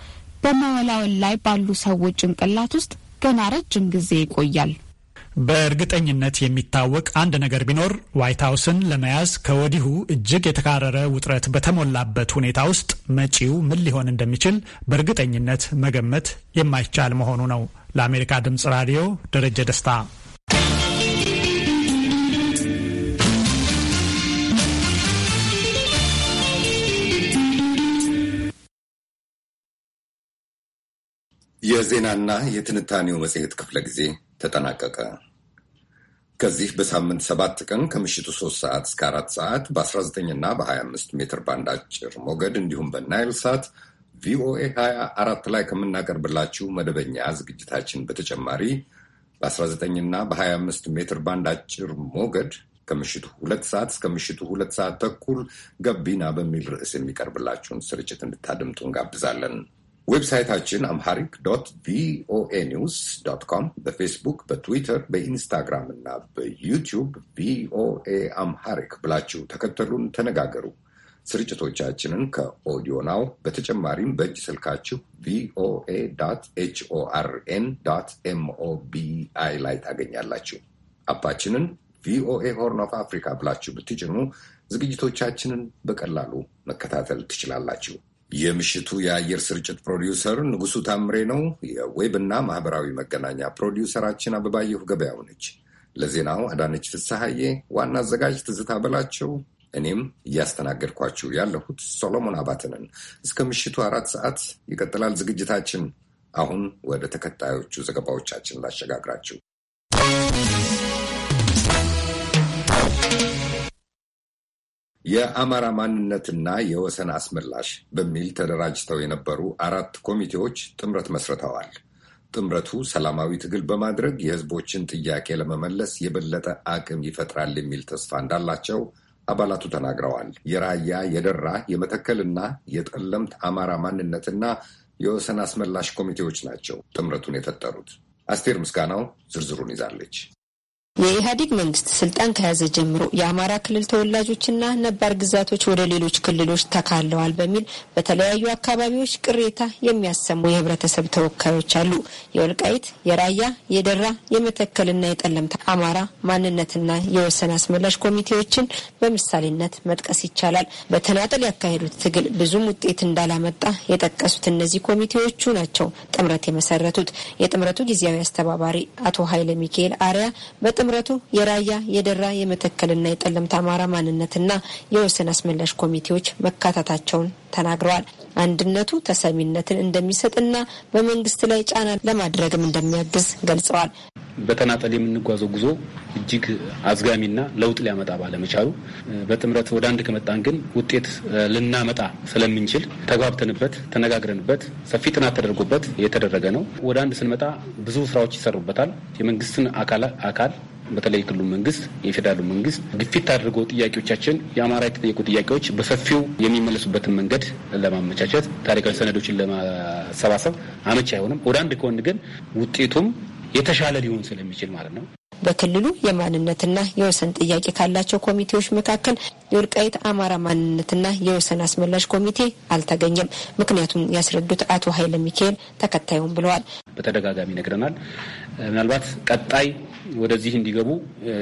በመወላወል ላይ ባሉ ሰዎች ጭንቅላት ውስጥ ገና ረጅም ጊዜ ይቆያል። በእርግጠኝነት የሚታወቅ አንድ ነገር ቢኖር ዋይት ሀውስን ለመያዝ ከወዲሁ እጅግ የተካረረ ውጥረት በተሞላበት ሁኔታ ውስጥ መጪው ምን ሊሆን እንደሚችል በእርግጠኝነት መገመት የማይቻል መሆኑ ነው። ለአሜሪካ ድምጽ ራዲዮ ደረጀ ደስታ። የዜናና የትንታኔው መጽሔት ክፍለ ጊዜ ተጠናቀቀ። ከዚህ በሳምንት ሰባት ቀን ከምሽቱ ሶስት ሰዓት እስከ አራት ሰዓት በ19 ና በ25 ሜትር ባንድ አጭር ሞገድ እንዲሁም በናይል ሳት ቪኦኤ 24 ላይ ከምናቀርብላችሁ መደበኛ ዝግጅታችን በተጨማሪ በ19 ና በ25 ሜትር ባንድ አጭር ሞገድ ከምሽቱ ሁለት ሰዓት እስከ ምሽቱ ሁለት ሰዓት ተኩል ገቢና በሚል ርዕስ የሚቀርብላችሁን ስርጭት እንድታደምጡ እንጋብዛለን። ዌብሳይታችን አምሃሪክ ዶት ቪኦኤ ኒውስ ዶት ኮም፣ በፌስቡክ፣ በትዊተር፣ በኢንስታግራም እና በዩቲዩብ ቪኦኤ አምሃሪክ ብላችሁ ተከተሉን፣ ተነጋገሩ። ስርጭቶቻችንን ከኦዲዮ ናው በተጨማሪም በእጅ ስልካችሁ ቪኦኤ ኤችኦአርኤን ኤምኦቢአይ ላይ ታገኛላችሁ። አባችንን ቪኦኤ ሆርን ኦፍ አፍሪካ ብላችሁ ብትጭኑ ዝግጅቶቻችንን በቀላሉ መከታተል ትችላላችሁ። የምሽቱ የአየር ስርጭት ፕሮዲውሰር ንጉሱ ታምሬ ነው። የዌብ እና ማህበራዊ መገናኛ ፕሮዲውሰራችን አበባየሁ ገበያው ነች። ለዜናው አዳነች ፍስሐዬ፣ ዋና አዘጋጅ ትዝታ በላቸው፣ እኔም እያስተናገድኳችሁ ያለሁት ሶሎሞን አባትንን እስከ ምሽቱ አራት ሰዓት ይቀጥላል ዝግጅታችን። አሁን ወደ ተከታዮቹ ዘገባዎቻችን ላሸጋግራችሁ። የአማራ ማንነትና የወሰን አስመላሽ በሚል ተደራጅተው የነበሩ አራት ኮሚቴዎች ጥምረት መስርተዋል። ጥምረቱ ሰላማዊ ትግል በማድረግ የሕዝቦችን ጥያቄ ለመመለስ የበለጠ አቅም ይፈጥራል የሚል ተስፋ እንዳላቸው አባላቱ ተናግረዋል። የራያ የደራ የመተከልና የጠለምት አማራ ማንነትና የወሰን አስመላሽ ኮሚቴዎች ናቸው ጥምረቱን የፈጠሩት። አስቴር ምስጋናው ዝርዝሩን ይዛለች። የኢህአዴግ መንግስት ስልጣን ከያዘ ጀምሮ የአማራ ክልል ተወላጆችና ነባር ግዛቶች ወደ ሌሎች ክልሎች ተካለዋል በሚል በተለያዩ አካባቢዎች ቅሬታ የሚያሰሙ የህብረተሰብ ተወካዮች አሉ። የወልቃይት፣ የራያ፣ የደራ፣ የመተከልና የጠለምት አማራ ማንነትና የወሰን አስመላሽ ኮሚቴዎችን በምሳሌነት መጥቀስ ይቻላል። በተናጠል ያካሄዱት ትግል ብዙም ውጤት እንዳላመጣ የጠቀሱት እነዚህ ኮሚቴዎቹ ናቸው ጥምረት የመሰረቱት። የጥምረቱ ጊዜያዊ አስተባባሪ አቶ ኃይለ ሚካኤል አሪያ ጥምረቱ የራያ የደራ የመተከልና የጠለምት አማራ ማንነትና የወሰን አስመላሽ ኮሚቴዎች መካተታቸውን ተናግረዋል። አንድነቱ ተሰሚነትን እንደሚሰጥና በመንግስት ላይ ጫና ለማድረግም እንደሚያግዝ ገልጸዋል። በተናጠል የምንጓዘው ጉዞ እጅግ አዝጋሚና ለውጥ ሊያመጣ ባለመቻሉ በጥምረት ወደ አንድ ከመጣን ግን ውጤት ልናመጣ ስለምንችል ተጓብተንበት፣ ተነጋግረንበት፣ ሰፊ ጥናት ተደርጎበት የተደረገ ነው። ወደ አንድ ስንመጣ ብዙ ስራዎች ይሰሩበታል። የመንግስትን አካል በተለይ ክልሉ መንግስት፣ የፌዴራሉ መንግስት ግፊት አድርጎ ጥያቄዎቻችን የአማራ የተጠየቁ ጥያቄዎች በሰፊው የሚመለሱበትን መንገድ ለማመቻቸት ታሪካዊ ሰነዶችን ለማሰባሰብ አመች አይሆንም። ወደ አንድ ከሆን ግን ውጤቱም የተሻለ ሊሆን ስለሚችል ማለት ነው። በክልሉ የማንነትና የወሰን ጥያቄ ካላቸው ኮሚቴዎች መካከል የወልቃይት አማራ ማንነትና የወሰን አስመላሽ ኮሚቴ አልተገኘም። ምክንያቱም ያስረዱት አቶ ኃይለ ሚካኤል ተከታዩም ብለዋል። በተደጋጋሚ ነግረናል። ምናልባት ቀጣይ ወደዚህ እንዲገቡ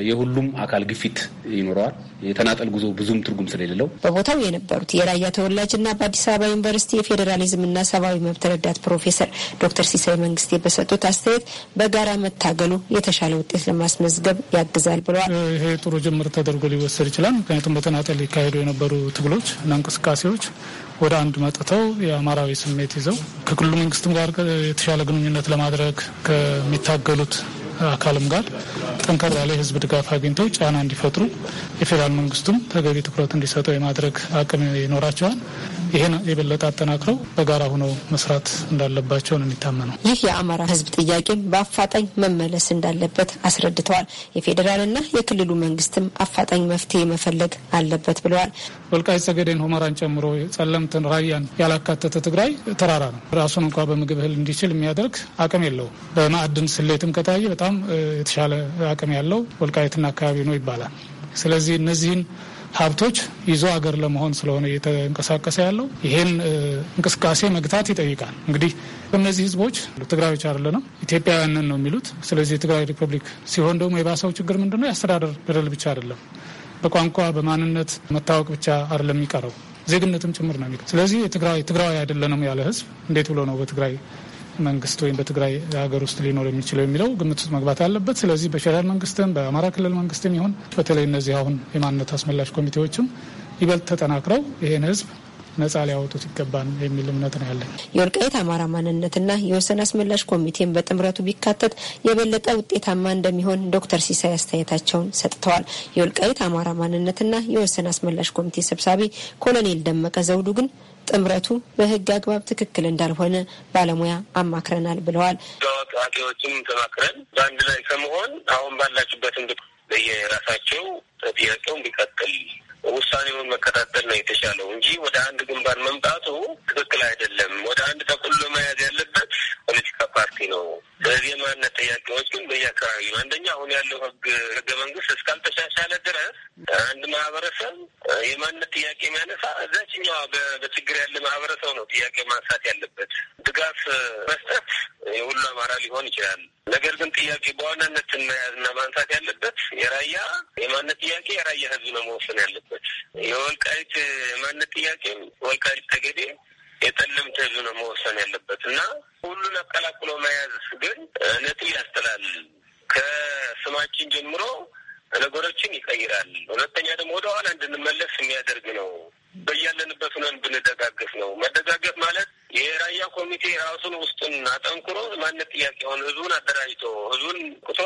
የሁሉም አካል ግፊት ይኖረዋል። የተናጠል ጉዞ ብዙም ትርጉም ስለሌለው በቦታው የነበሩት የራያ ተወላጅና በአዲስ አበባ ዩኒቨርሲቲ የፌዴራሊዝምና ሰብአዊ መብት ረዳት ፕሮፌሰር ዶክተር ሲሳይ መንግስቴ በሰጡት አስተያየት በጋራ መታገሉ የተሻለ ውጤት ለማስመዝገብ ያግዛል ብለዋል። ይሄ ጥሩ ጅምር ተደርጎ ሊወሰድ ይችላል። ምክንያቱም በተናጠል ሊካሄዱ የነበሩ ትግሎች እና እንቅስቃሴዎች ወደ አንድ መጥተው የአማራዊ ስሜት ይዘው ከክልሉ መንግስትም ጋር የተሻለ ግንኙነት ለማድረግ ከሚታገሉት አካልም ጋር ጠንከር ያለ የህዝብ ድጋፍ አግኝተው ጫና እንዲፈጥሩ የፌዴራል መንግስቱም ተገቢ ትኩረት እንዲሰጠው የማድረግ አቅም ይኖራቸዋል። ይህን የበለጠ አጠናክረው በጋራ ሆነው መስራት እንዳለባቸው ነው የሚታመነው። ይህ የአማራ ህዝብ ጥያቄም በአፋጣኝ መመለስ እንዳለበት አስረድተዋል። የፌዴራልና የክልሉ መንግስትም አፋጣኝ መፍትሄ መፈለግ አለበት ብለዋል። ወልቃይት ጸገዴን፣ ሆመራን ጨምሮ ጸለምትን፣ ራያን ያላካተተ ትግራይ ተራራ ነው። ራሱን እንኳ በምግብ እህል እንዲችል የሚያደርግ አቅም የለውም። በማዕድን ስሌትም ከታየ በጣም የተሻለ አቅም ያለው ወልቃይትና አካባቢ ነው ይባላል። ስለዚህ እነዚህን ሀብቶች ይዞ ሀገር ለመሆን ስለሆነ እየተንቀሳቀሰ ያለው ይህን እንቅስቃሴ መግታት ይጠይቃል። እንግዲህ እነዚህ ህዝቦች ትግራዮች አይደለንም፣ ኢትዮጵያውያንን ነው የሚሉት። ስለዚህ የትግራይ ሪፐብሊክ ሲሆን ደግሞ የባሰው ችግር ምንድነው? የአስተዳደር በደል ብቻ አይደለም፣ በቋንቋ በማንነት መታወቅ ብቻ አይደለም የሚቀረው ዜግነትም ጭምር ነው የሚቀረው። ስለዚህ ትግራዊ አይደለንም ያለ ህዝብ እንዴት ብሎ ነው በትግራይ መንግስት ወይም በትግራይ ሀገር ውስጥ ሊኖር የሚችለው የሚለው ግምት ውስጥ መግባት አለበት። ስለዚህ በፌዴራል መንግስትም በአማራ ክልል መንግስትም ይሁን በተለይ እነዚህ አሁን የማንነት አስመላሽ ኮሚቴዎችም ይበልጥ ተጠናክረው ይህን ህዝብ ነጻ ሊያወጡት ይገባል የሚል እምነት ነው ያለን። የወልቃይት አማራ ማንነትና የወሰን አስመላሽ ኮሚቴን በጥምረቱ ቢካተት የበለጠ ውጤታማ እንደሚሆን ዶክተር ሲሳይ አስተያየታቸውን ሰጥተዋል። የወልቃይት አማራ ማንነትና የወሰን አስመላሽ ኮሚቴ ሰብሳቢ ኮሎኔል ደመቀ ዘውዱ ግን ጥምረቱ በህግ አግባብ ትክክል እንዳልሆነ ባለሙያ አማክረናል ብለዋል። ታዋቂዎችም ተማክረን በአንድ ላይ ከመሆን አሁን ባላችሁበት እንድ ጥያቄው እንዲቀጥል ውሳኔውን መከታተል ነው የተሻለው እንጂ ወደ አንድ ግንባር መምጣቱ ትክክል አይደለም። ወደ አንድ ተቁሎ መያዝ ፓርቲ ነው። በዚህ የማንነት ጥያቄዎች ግን በየአካባቢ ነው። አንደኛ አሁን ያለው ህግ ህገ መንግስት እስካልተሻሻለ ድረስ አንድ ማህበረሰብ የማንነት ጥያቄ የሚያነሳ እዛችኛዋ በችግር ያለ ማህበረሰብ ነው ጥያቄ ማንሳት ያለበት። ድጋፍ መስጠት የሁሉ አማራ ሊሆን ይችላል። ነገር ግን ጥያቄ በዋናነት መያዝና ማንሳት ያለበት የራያ የማንነት ጥያቄ የራያ ህዝብ ነው መወሰን ያለበት። የወልቃይት የማንነት ጥያቄም ወልቃይት ተገዴ የጠለምት ህዝብ ነው መወሰን ያለበት እና ሁሉን አቀላቅሎ መያዝ ግን ነጥብ ያስጥላል። ከስማችን ጀምሮ ነገሮችን ይቀይራል። ሁለተኛ ደግሞ ወደኋላ እንድንመለስ የሚያደርግ ነው። በያለንበት ሆነን ብንደጋገፍ ነው። መደጋገፍ ማለት የራያ ኮሚቴ ራሱን ውስጡን አጠንክሮ ማንነት ጥያቄውን ህዝቡን አደራጅቶ ህዝቡን ቁቶ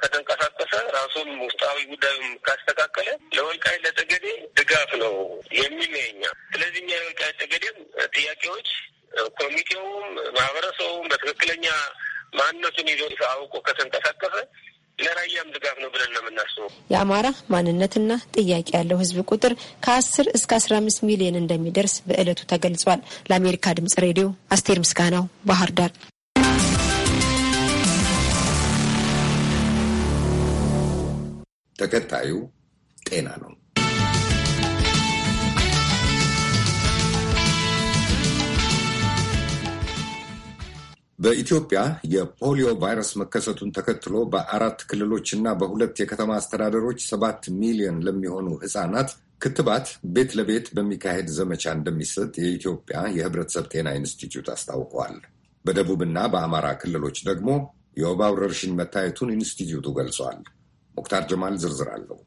ከተንቀሳቀሰ ራሱን ውስጣዊ ጉዳዩም ካስተካከለ ለወልቃይ ለጠገዴ ድጋፍ ነው የሚል የኛ። ስለዚህ እኛ የወልቃይ ጠገዴም ጥያቄዎች ኮሚቴውም ማህበረሰቡም በትክክለኛ ማንነቱን ይዞ አውቆ ከተንቀሳቀሰ ለራያም ድጋፍ ነው ብለን ነው የምናስበው። የአማራ ማንነትና ጥያቄ ያለው ህዝብ ቁጥር ከአስር እስከ አስራ አምስት ሚሊዮን እንደሚደርስ በዕለቱ ተገልጿል። ለአሜሪካ ድምጽ ሬዲዮ አስቴር ምስጋናው ባህር ዳር። ተከታዩ ጤና ነው። በኢትዮጵያ የፖሊዮ ቫይረስ መከሰቱን ተከትሎ በአራት ክልሎችና በሁለት የከተማ አስተዳደሮች ሰባት ሚሊዮን ለሚሆኑ ህጻናት ክትባት ቤት ለቤት በሚካሄድ ዘመቻ እንደሚሰጥ የኢትዮጵያ የህብረተሰብ ጤና ኢንስቲትዩት አስታውቋል። በደቡብና በአማራ ክልሎች ደግሞ የወባ ወረርሽኝ መታየቱን ኢንስቲትዩቱ ገልጿል። ሙክታር ጀማል ዝርዝር አለው።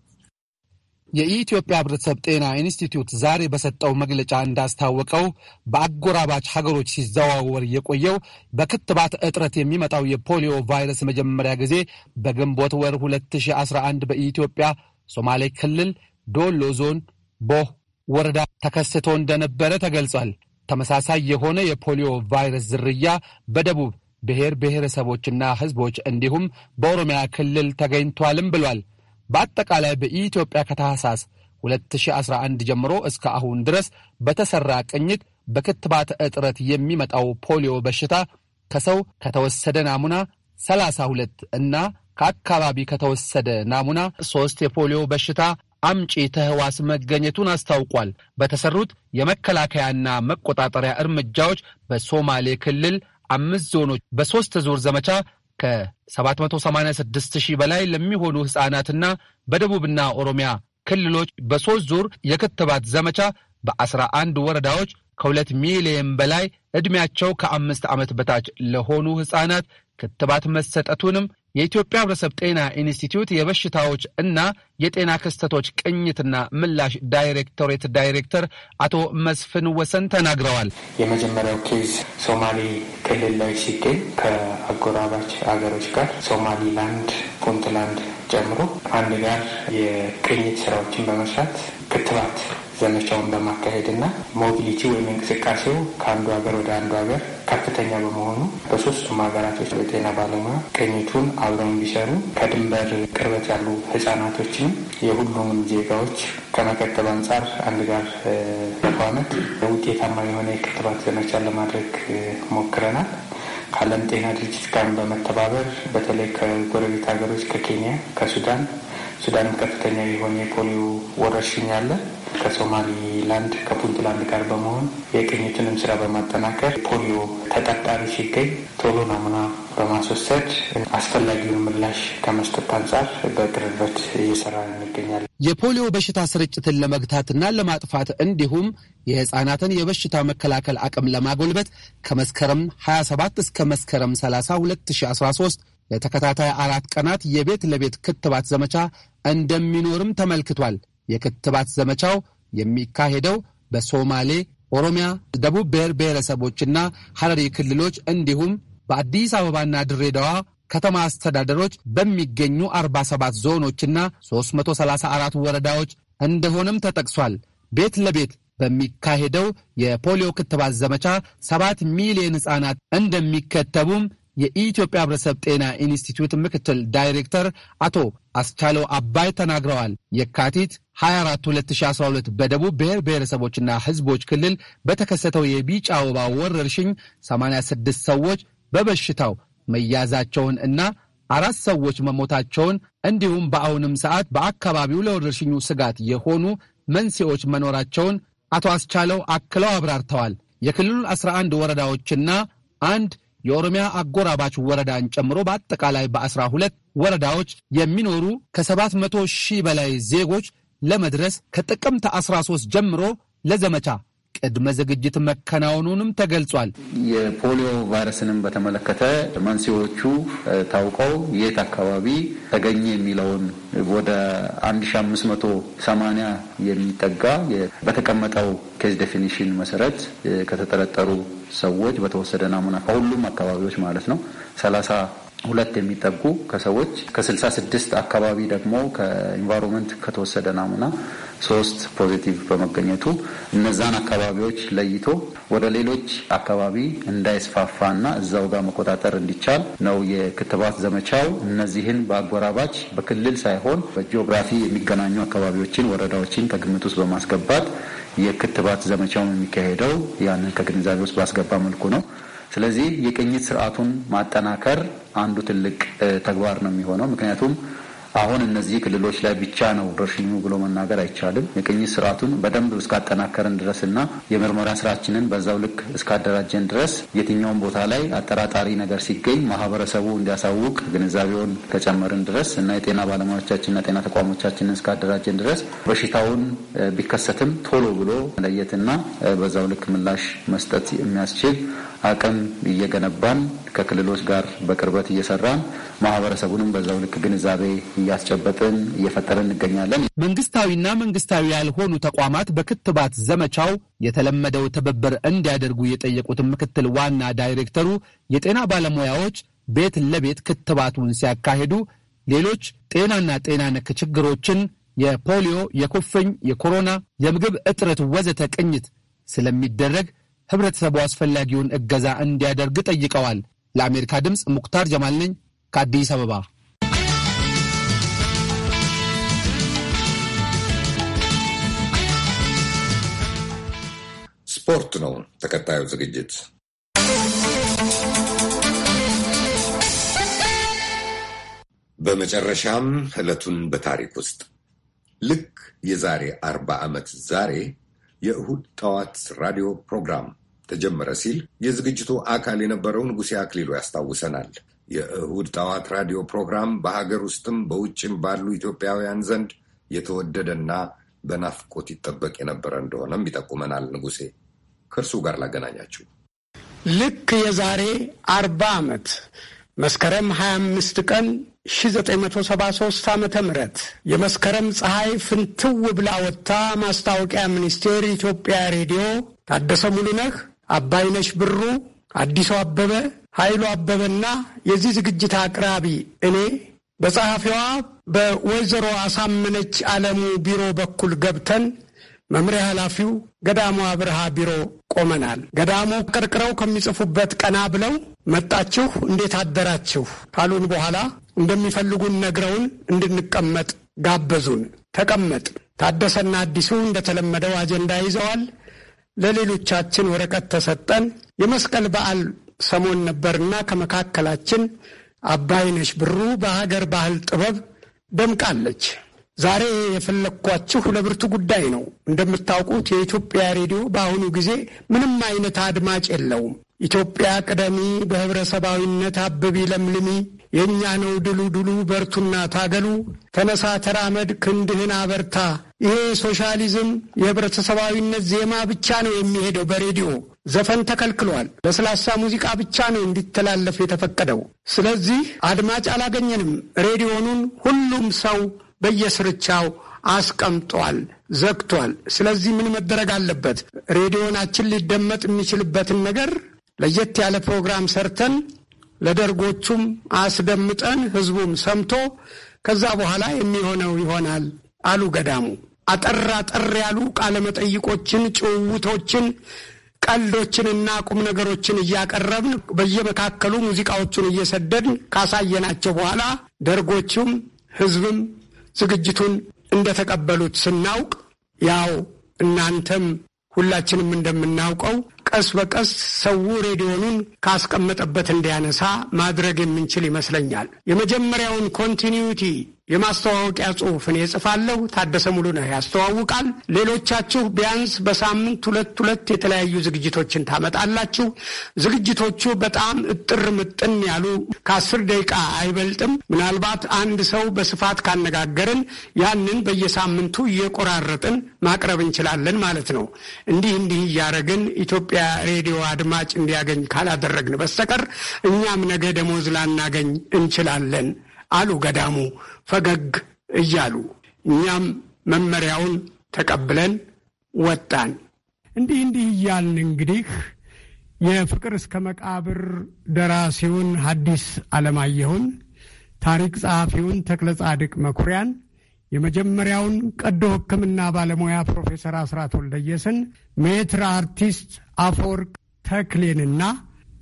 የኢትዮጵያ ሕብረተሰብ ጤና ኢንስቲትዩት ዛሬ በሰጠው መግለጫ እንዳስታወቀው በአጎራባች ሀገሮች ሲዘዋወር የቆየው በክትባት እጥረት የሚመጣው የፖሊዮ ቫይረስ መጀመሪያ ጊዜ በግንቦት ወር 2011 በኢትዮጵያ ሶማሌ ክልል ዶሎ ዞን ቦህ ወረዳ ተከስቶ እንደነበረ ተገልጿል። ተመሳሳይ የሆነ የፖሊዮ ቫይረስ ዝርያ በደቡብ ብሔር ብሔረሰቦችና ሕዝቦች እንዲሁም በኦሮሚያ ክልል ተገኝቷልም ብሏል። በአጠቃላይ በኢትዮጵያ ከታህሳስ 2011 ጀምሮ እስከ አሁን ድረስ በተሰራ ቅኝት በክትባት እጥረት የሚመጣው ፖሊዮ በሽታ ከሰው ከተወሰደ ናሙና 32 እና ከአካባቢ ከተወሰደ ናሙና ሦስት የፖሊዮ በሽታ አምጪ ተህዋስ መገኘቱን አስታውቋል። በተሰሩት የመከላከያና መቆጣጠሪያ እርምጃዎች በሶማሌ ክልል አምስት ዞኖች በሦስት ዙር ዘመቻ ከ786 ሺህ በላይ ለሚሆኑ ሕፃናትና በደቡብና ኦሮሚያ ክልሎች በሦስት ዙር የክትባት ዘመቻ በ11 ወረዳዎች ከሁለት ሚሊየን በላይ ዕድሜያቸው ከአምስት ዓመት በታች ለሆኑ ሕፃናት ክትባት መሰጠቱንም የኢትዮጵያ ሕብረተሰብ ጤና ኢንስቲትዩት የበሽታዎች እና የጤና ክስተቶች ቅኝትና ምላሽ ዳይሬክቶሬት ዳይሬክተር አቶ መስፍን ወሰን ተናግረዋል። የመጀመሪያው ኬዝ ሶማሌ ክልል ላይ ሲገኝ ከአጎራባች አገሮች ጋር ሶማሊላንድ፣ ፑንትላንድ ጨምሮ አንድ ጋር የቅኝት ስራዎችን በመስራት ክትባት ዘመቻውን በማካሄድና ሞቢሊቲ ወይም እንቅስቃሴው ከአንዱ ሀገር ወደ አንዱ ሀገር ከፍተኛ በመሆኑ በሶስቱም ሀገራቶች በጤና ባለሙያ ቅኝቱን አብረው እንዲሰሩ ከድንበር ቅርበት ያሉ ህጻናቶችንም የሁሉንም ዜጋዎች ከመከተብ አንጻር አንድ ጋር በማነት ውጤታማ የሆነ የክትባት ዘመቻ ለማድረግ ሞክረናል። ከዓለም ጤና ድርጅት ጋር በመተባበር በተለይ ከጎረቤት ሀገሮች ከኬንያ፣ ከሱዳን ሱዳንም ከፍተኛ የሆነ የፖሊዮ ወረርሽኝ አለ። ከሶማሊላንድ ከፑንትላንድ ጋር በመሆን የቅኝትንም ስራ በማጠናከር ፖሊዮ ተጠርጣሪ ሲገኝ ቶሎ ናሙና በማስወሰድ አስፈላጊውን ምላሽ ከመስጠት አንጻር በቅርበት እየሰራ እንገኛለን። የፖሊዮ በሽታ ስርጭትን ለመግታትና ለማጥፋት እንዲሁም የህፃናትን የበሽታ መከላከል አቅም ለማጎልበት ከመስከረም 27 እስከ መስከረም 30 2013 ለተከታታይ አራት ቀናት የቤት ለቤት ክትባት ዘመቻ እንደሚኖርም ተመልክቷል። የክትባት ዘመቻው የሚካሄደው በሶማሌ፣ ኦሮሚያ፣ ደቡብ ብሔር ብሔረሰቦችና ሐረሪ ክልሎች እንዲሁም በአዲስ አበባና ድሬዳዋ ከተማ አስተዳደሮች በሚገኙ 47 ዞኖችና 334 ወረዳዎች እንደሆነም ተጠቅሷል። ቤት ለቤት በሚካሄደው የፖሊዮ ክትባት ዘመቻ ሰባት ሚሊዮን ሕፃናት እንደሚከተቡም የኢትዮጵያ ሕብረተሰብ ጤና ኢንስቲትዩት ምክትል ዳይሬክተር አቶ አስቻለው አባይ ተናግረዋል። የካቲት 24 2012 በደቡብ ብሔር ብሔረሰቦችና ሕዝቦች ክልል በተከሰተው የቢጫ ወባ ወረርሽኝ 86 ሰዎች በበሽታው መያዛቸውን እና አራት ሰዎች መሞታቸውን እንዲሁም በአሁንም ሰዓት በአካባቢው ለወረርሽኙ ስጋት የሆኑ መንስኤዎች መኖራቸውን አቶ አስቻለው አክለው አብራርተዋል። የክልሉን 11 ወረዳዎችና አንድ የኦሮሚያ አጎራባች ወረዳን ጨምሮ በአጠቃላይ በአስራ ሁለት ወረዳዎች የሚኖሩ ከሰባት መቶ ሺህ በላይ ዜጎች ለመድረስ ከጥቅምት 13 ጀምሮ ለዘመቻ ቅድመ ዝግጅት መከናወኑንም ተገልጿል። የፖሊዮ ቫይረስንም በተመለከተ መንስኤዎቹ ታውቀው የት አካባቢ ተገኘ የሚለውን ወደ 1580 የሚጠጋ በተቀመጠው ኬዝ ዴፊኒሽን መሰረት ከተጠረጠሩ ሰዎች በተወሰደ ናሙና ከሁሉም አካባቢዎች ማለት ነው 30 ሁለት የሚጠጉ ከሰዎች ከ66 አካባቢ ደግሞ ከኢንቫይሮንመንት ከተወሰደ ናሙና ሶስት ፖዚቲቭ በመገኘቱ እነዛን አካባቢዎች ለይቶ ወደ ሌሎች አካባቢ እንዳይስፋፋና እዛው ጋር መቆጣጠር እንዲቻል ነው የክትባት ዘመቻው። እነዚህን በአጎራባች በክልል ሳይሆን በጂኦግራፊ የሚገናኙ አካባቢዎችን፣ ወረዳዎችን ከግምት ውስጥ በማስገባት የክትባት ዘመቻውን የሚካሄደው ያንን ከግንዛቤ ውስጥ ባስገባ መልኩ ነው። ስለዚህ የቅኝት ስርዓቱን ማጠናከር አንዱ ትልቅ ተግባር ነው የሚሆነው። ምክንያቱም አሁን እነዚህ ክልሎች ላይ ብቻ ነው ወረርሽኙ ብሎ መናገር አይቻልም። የቅኝት ስርዓቱን በደንብ እስካጠናከርን ድረስ እና የምርመራ ስራችንን በዛው ልክ እስካደራጀን ድረስ የትኛውም ቦታ ላይ አጠራጣሪ ነገር ሲገኝ ማህበረሰቡ እንዲያሳውቅ ግንዛቤውን ከጨመርን ድረስ እና የጤና ባለሙያዎቻችንና ጤና ተቋሞቻችንን እስካደራጀን ድረስ በሽታውን ቢከሰትም ቶሎ ብሎ መለየትና በዛው ልክ ምላሽ መስጠት የሚያስችል አቅም እየገነባን ከክልሎች ጋር በቅርበት እየሰራን ማህበረሰቡንም በዛው ልክ ግንዛቤ እያስጨበጥን እየፈጠረን እንገኛለን። መንግስታዊና መንግስታዊ ያልሆኑ ተቋማት በክትባት ዘመቻው የተለመደው ትብብር እንዲያደርጉ የጠየቁትን ምክትል ዋና ዳይሬክተሩ የጤና ባለሙያዎች ቤት ለቤት ክትባቱን ሲያካሂዱ ሌሎች ጤናና ጤና ነክ ችግሮችን የፖሊዮ፣ የኩፍኝ፣ የኮሮና፣ የምግብ እጥረት ወዘተ ቅኝት ስለሚደረግ ህብረተሰቡ አስፈላጊውን እገዛ እንዲያደርግ ጠይቀዋል። ለአሜሪካ ድምፅ ሙክታር ጀማል ነኝ ከአዲስ አበባ። ስፖርት ነው ተከታዩ ዝግጅት። በመጨረሻም ዕለቱን በታሪክ ውስጥ ልክ የዛሬ አርባ ዓመት ዛሬ የእሁድ ጠዋት ራዲዮ ፕሮግራም ተጀመረ ሲል የዝግጅቱ አካል የነበረው ንጉሴ አክሊሉ ያስታውሰናል። የእሁድ ጠዋት ራዲዮ ፕሮግራም በሀገር ውስጥም በውጭም ባሉ ኢትዮጵያውያን ዘንድ የተወደደና በናፍቆት ይጠበቅ የነበረ እንደሆነም ይጠቁመናል። ንጉሴ ከእርሱ ጋር ላገናኛችሁ። ልክ የዛሬ አርባ ዓመት መስከረም 25 ቀን 1973 ዓመተ ምህረት የመስከረም ፀሐይ ፍንትው ብላ ወጥታ ማስታወቂያ ሚኒስቴር ኢትዮጵያ ሬዲዮ ታደሰ ሙሉነህ አባይነሽ ብሩ፣ አዲሱ አበበ፣ ኃይሉ አበበና የዚህ ዝግጅት አቅራቢ እኔ በጸሐፊዋ በወይዘሮ አሳምነች አለሙ ቢሮ በኩል ገብተን መምሪያ ኃላፊው ገዳሙ አብርሃ ቢሮ ቆመናል። ገዳሙ ቀርቅረው ከሚጽፉበት ቀና ብለው መጣችሁ፣ እንዴት አደራችሁ ካሉን በኋላ እንደሚፈልጉን ነግረውን እንድንቀመጥ ጋበዙን። ተቀመጥ። ታደሰና አዲሱ እንደተለመደው አጀንዳ ይዘዋል። ለሌሎቻችን ወረቀት ተሰጠን። የመስቀል በዓል ሰሞን ነበርና ከመካከላችን አባይነሽ ብሩ በሀገር ባህል ጥበብ ደምቃለች። ዛሬ የፈለግኳችሁ ለብርቱ ጉዳይ ነው። እንደምታውቁት የኢትዮጵያ ሬዲዮ በአሁኑ ጊዜ ምንም አይነት አድማጭ የለውም። ኢትዮጵያ ቅደሚ፣ በህብረሰባዊነት አብቢ ለምልሚ የእኛ ነው ድሉ ድሉ በርቱና ታገሉ፣ ተነሳ ተራመድ ክንድህን አበርታ። ይሄ ሶሻሊዝም የህብረተሰባዊነት ዜማ ብቻ ነው የሚሄደው በሬዲዮ ዘፈን ተከልክሏል። ለስላሳ ሙዚቃ ብቻ ነው እንዲተላለፍ የተፈቀደው። ስለዚህ አድማጭ አላገኘንም። ሬዲዮኑን ሁሉም ሰው በየስርቻው አስቀምጧል፣ ዘግቷል። ስለዚህ ምን መደረግ አለበት? ሬዲዮናችን ሊደመጥ የሚችልበትን ነገር ለየት ያለ ፕሮግራም ሰርተን ለደርጎቹም አስደምጠን ህዝቡም ሰምቶ ከዛ በኋላ የሚሆነው ይሆናል አሉ ገዳሙ። አጠር አጠር ያሉ ቃለመጠይቆችን፣ ጭውውቶችን፣ ቀልዶችንና ቁም ነገሮችን እያቀረብን በየመካከሉ ሙዚቃዎቹን እየሰደድን ካሳየናቸው በኋላ ደርጎቹም ህዝብም ዝግጅቱን እንደተቀበሉት ስናውቅ ያው እናንተም ሁላችንም እንደምናውቀው ቀስ በቀስ ሰው ሬዲዮኑን ካስቀመጠበት እንዲያነሳ ማድረግ የምንችል ይመስለኛል። የመጀመሪያውን ኮንቲኒዩቲ የማስተዋወቂያ ጽሁፍን እኔ እጽፋለሁ፣ ታደሰ ሙሉ ነው ያስተዋውቃል። ሌሎቻችሁ ቢያንስ በሳምንት ሁለት ሁለት የተለያዩ ዝግጅቶችን ታመጣላችሁ። ዝግጅቶቹ በጣም እጥር ምጥን ያሉ ከአስር ደቂቃ አይበልጥም። ምናልባት አንድ ሰው በስፋት ካነጋገርን ያንን በየሳምንቱ እየቆራረጥን ማቅረብ እንችላለን ማለት ነው። እንዲህ እንዲህ እያደረግን ኢትዮጵያ ሬዲዮ አድማጭ እንዲያገኝ ካላደረግን በስተቀር እኛም ነገ ደሞዝ ላናገኝ እንችላለን። አሉ ገዳሙ ፈገግ እያሉ። እኛም መመሪያውን ተቀብለን ወጣን። እንዲህ እንዲህ እያልን እንግዲህ የፍቅር እስከ መቃብር ደራሲውን ሐዲስ ዓለማየሁን፣ ታሪክ ጸሐፊውን ተክለ ጻድቅ መኩሪያን፣ የመጀመሪያውን ቀዶ ሕክምና ባለሙያ ፕሮፌሰር አስራት ወልደየስን፣ ሜትር አርቲስት አፈወርቅ ተክሌንና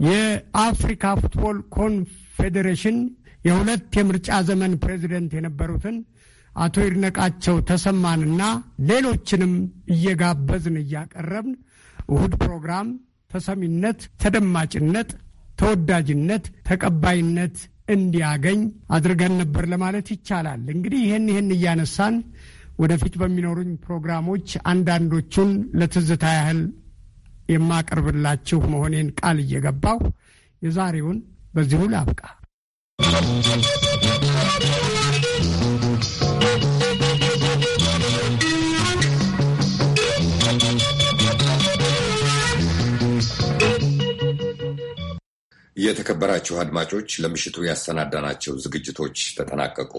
የአፍሪካ ፉትቦል ኮንፌዴሬሽን የሁለት የምርጫ ዘመን ፕሬዚደንት የነበሩትን አቶ ይድነቃቸው ተሰማንና ሌሎችንም እየጋበዝን እያቀረብን እሁድ ፕሮግራም ተሰሚነት፣ ተደማጭነት፣ ተወዳጅነት፣ ተቀባይነት እንዲያገኝ አድርገን ነበር ለማለት ይቻላል። እንግዲህ ይህን ይህን እያነሳን ወደፊት በሚኖሩኝ ፕሮግራሞች አንዳንዶቹን ለትዝታ ያህል የማቀርብላችሁ መሆኔን ቃል እየገባሁ የዛሬውን በዚሁ ላብቃ። የተከበራችሁ አድማጮች ለምሽቱ ያሰናዳናቸው ዝግጅቶች ተጠናቀቁ።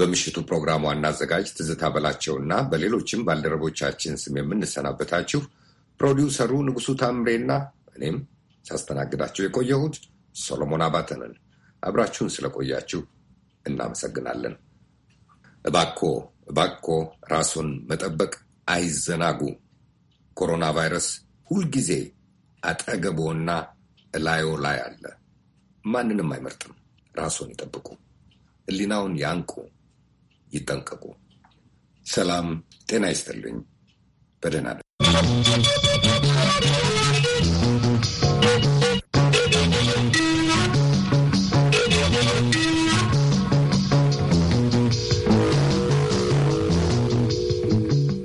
በምሽቱ ፕሮግራም ዋና አዘጋጅ ትዝታ በላቸውና እና በሌሎችም ባልደረቦቻችን ስም የምንሰናበታችሁ ፕሮዲውሰሩ ንጉሱ ታምሬና እኔም ሳስተናግዳቸው የቆየሁት ሶሎሞን አባተ ነን። አብራችሁን ስለቆያችሁ እናመሰግናለን። እባኮ እባኮ ራሱን መጠበቅ አይዘናጉ። ኮሮና ቫይረስ ሁልጊዜ አጠገቦና እላዮ ላይ አለ። ማንንም አይመርጥም። ራሱን ይጠብቁ፣ ህሊናውን ያንቁ፣ ይጠንቀቁ። ሰላም ጤና ይስጥልኝ። በደህና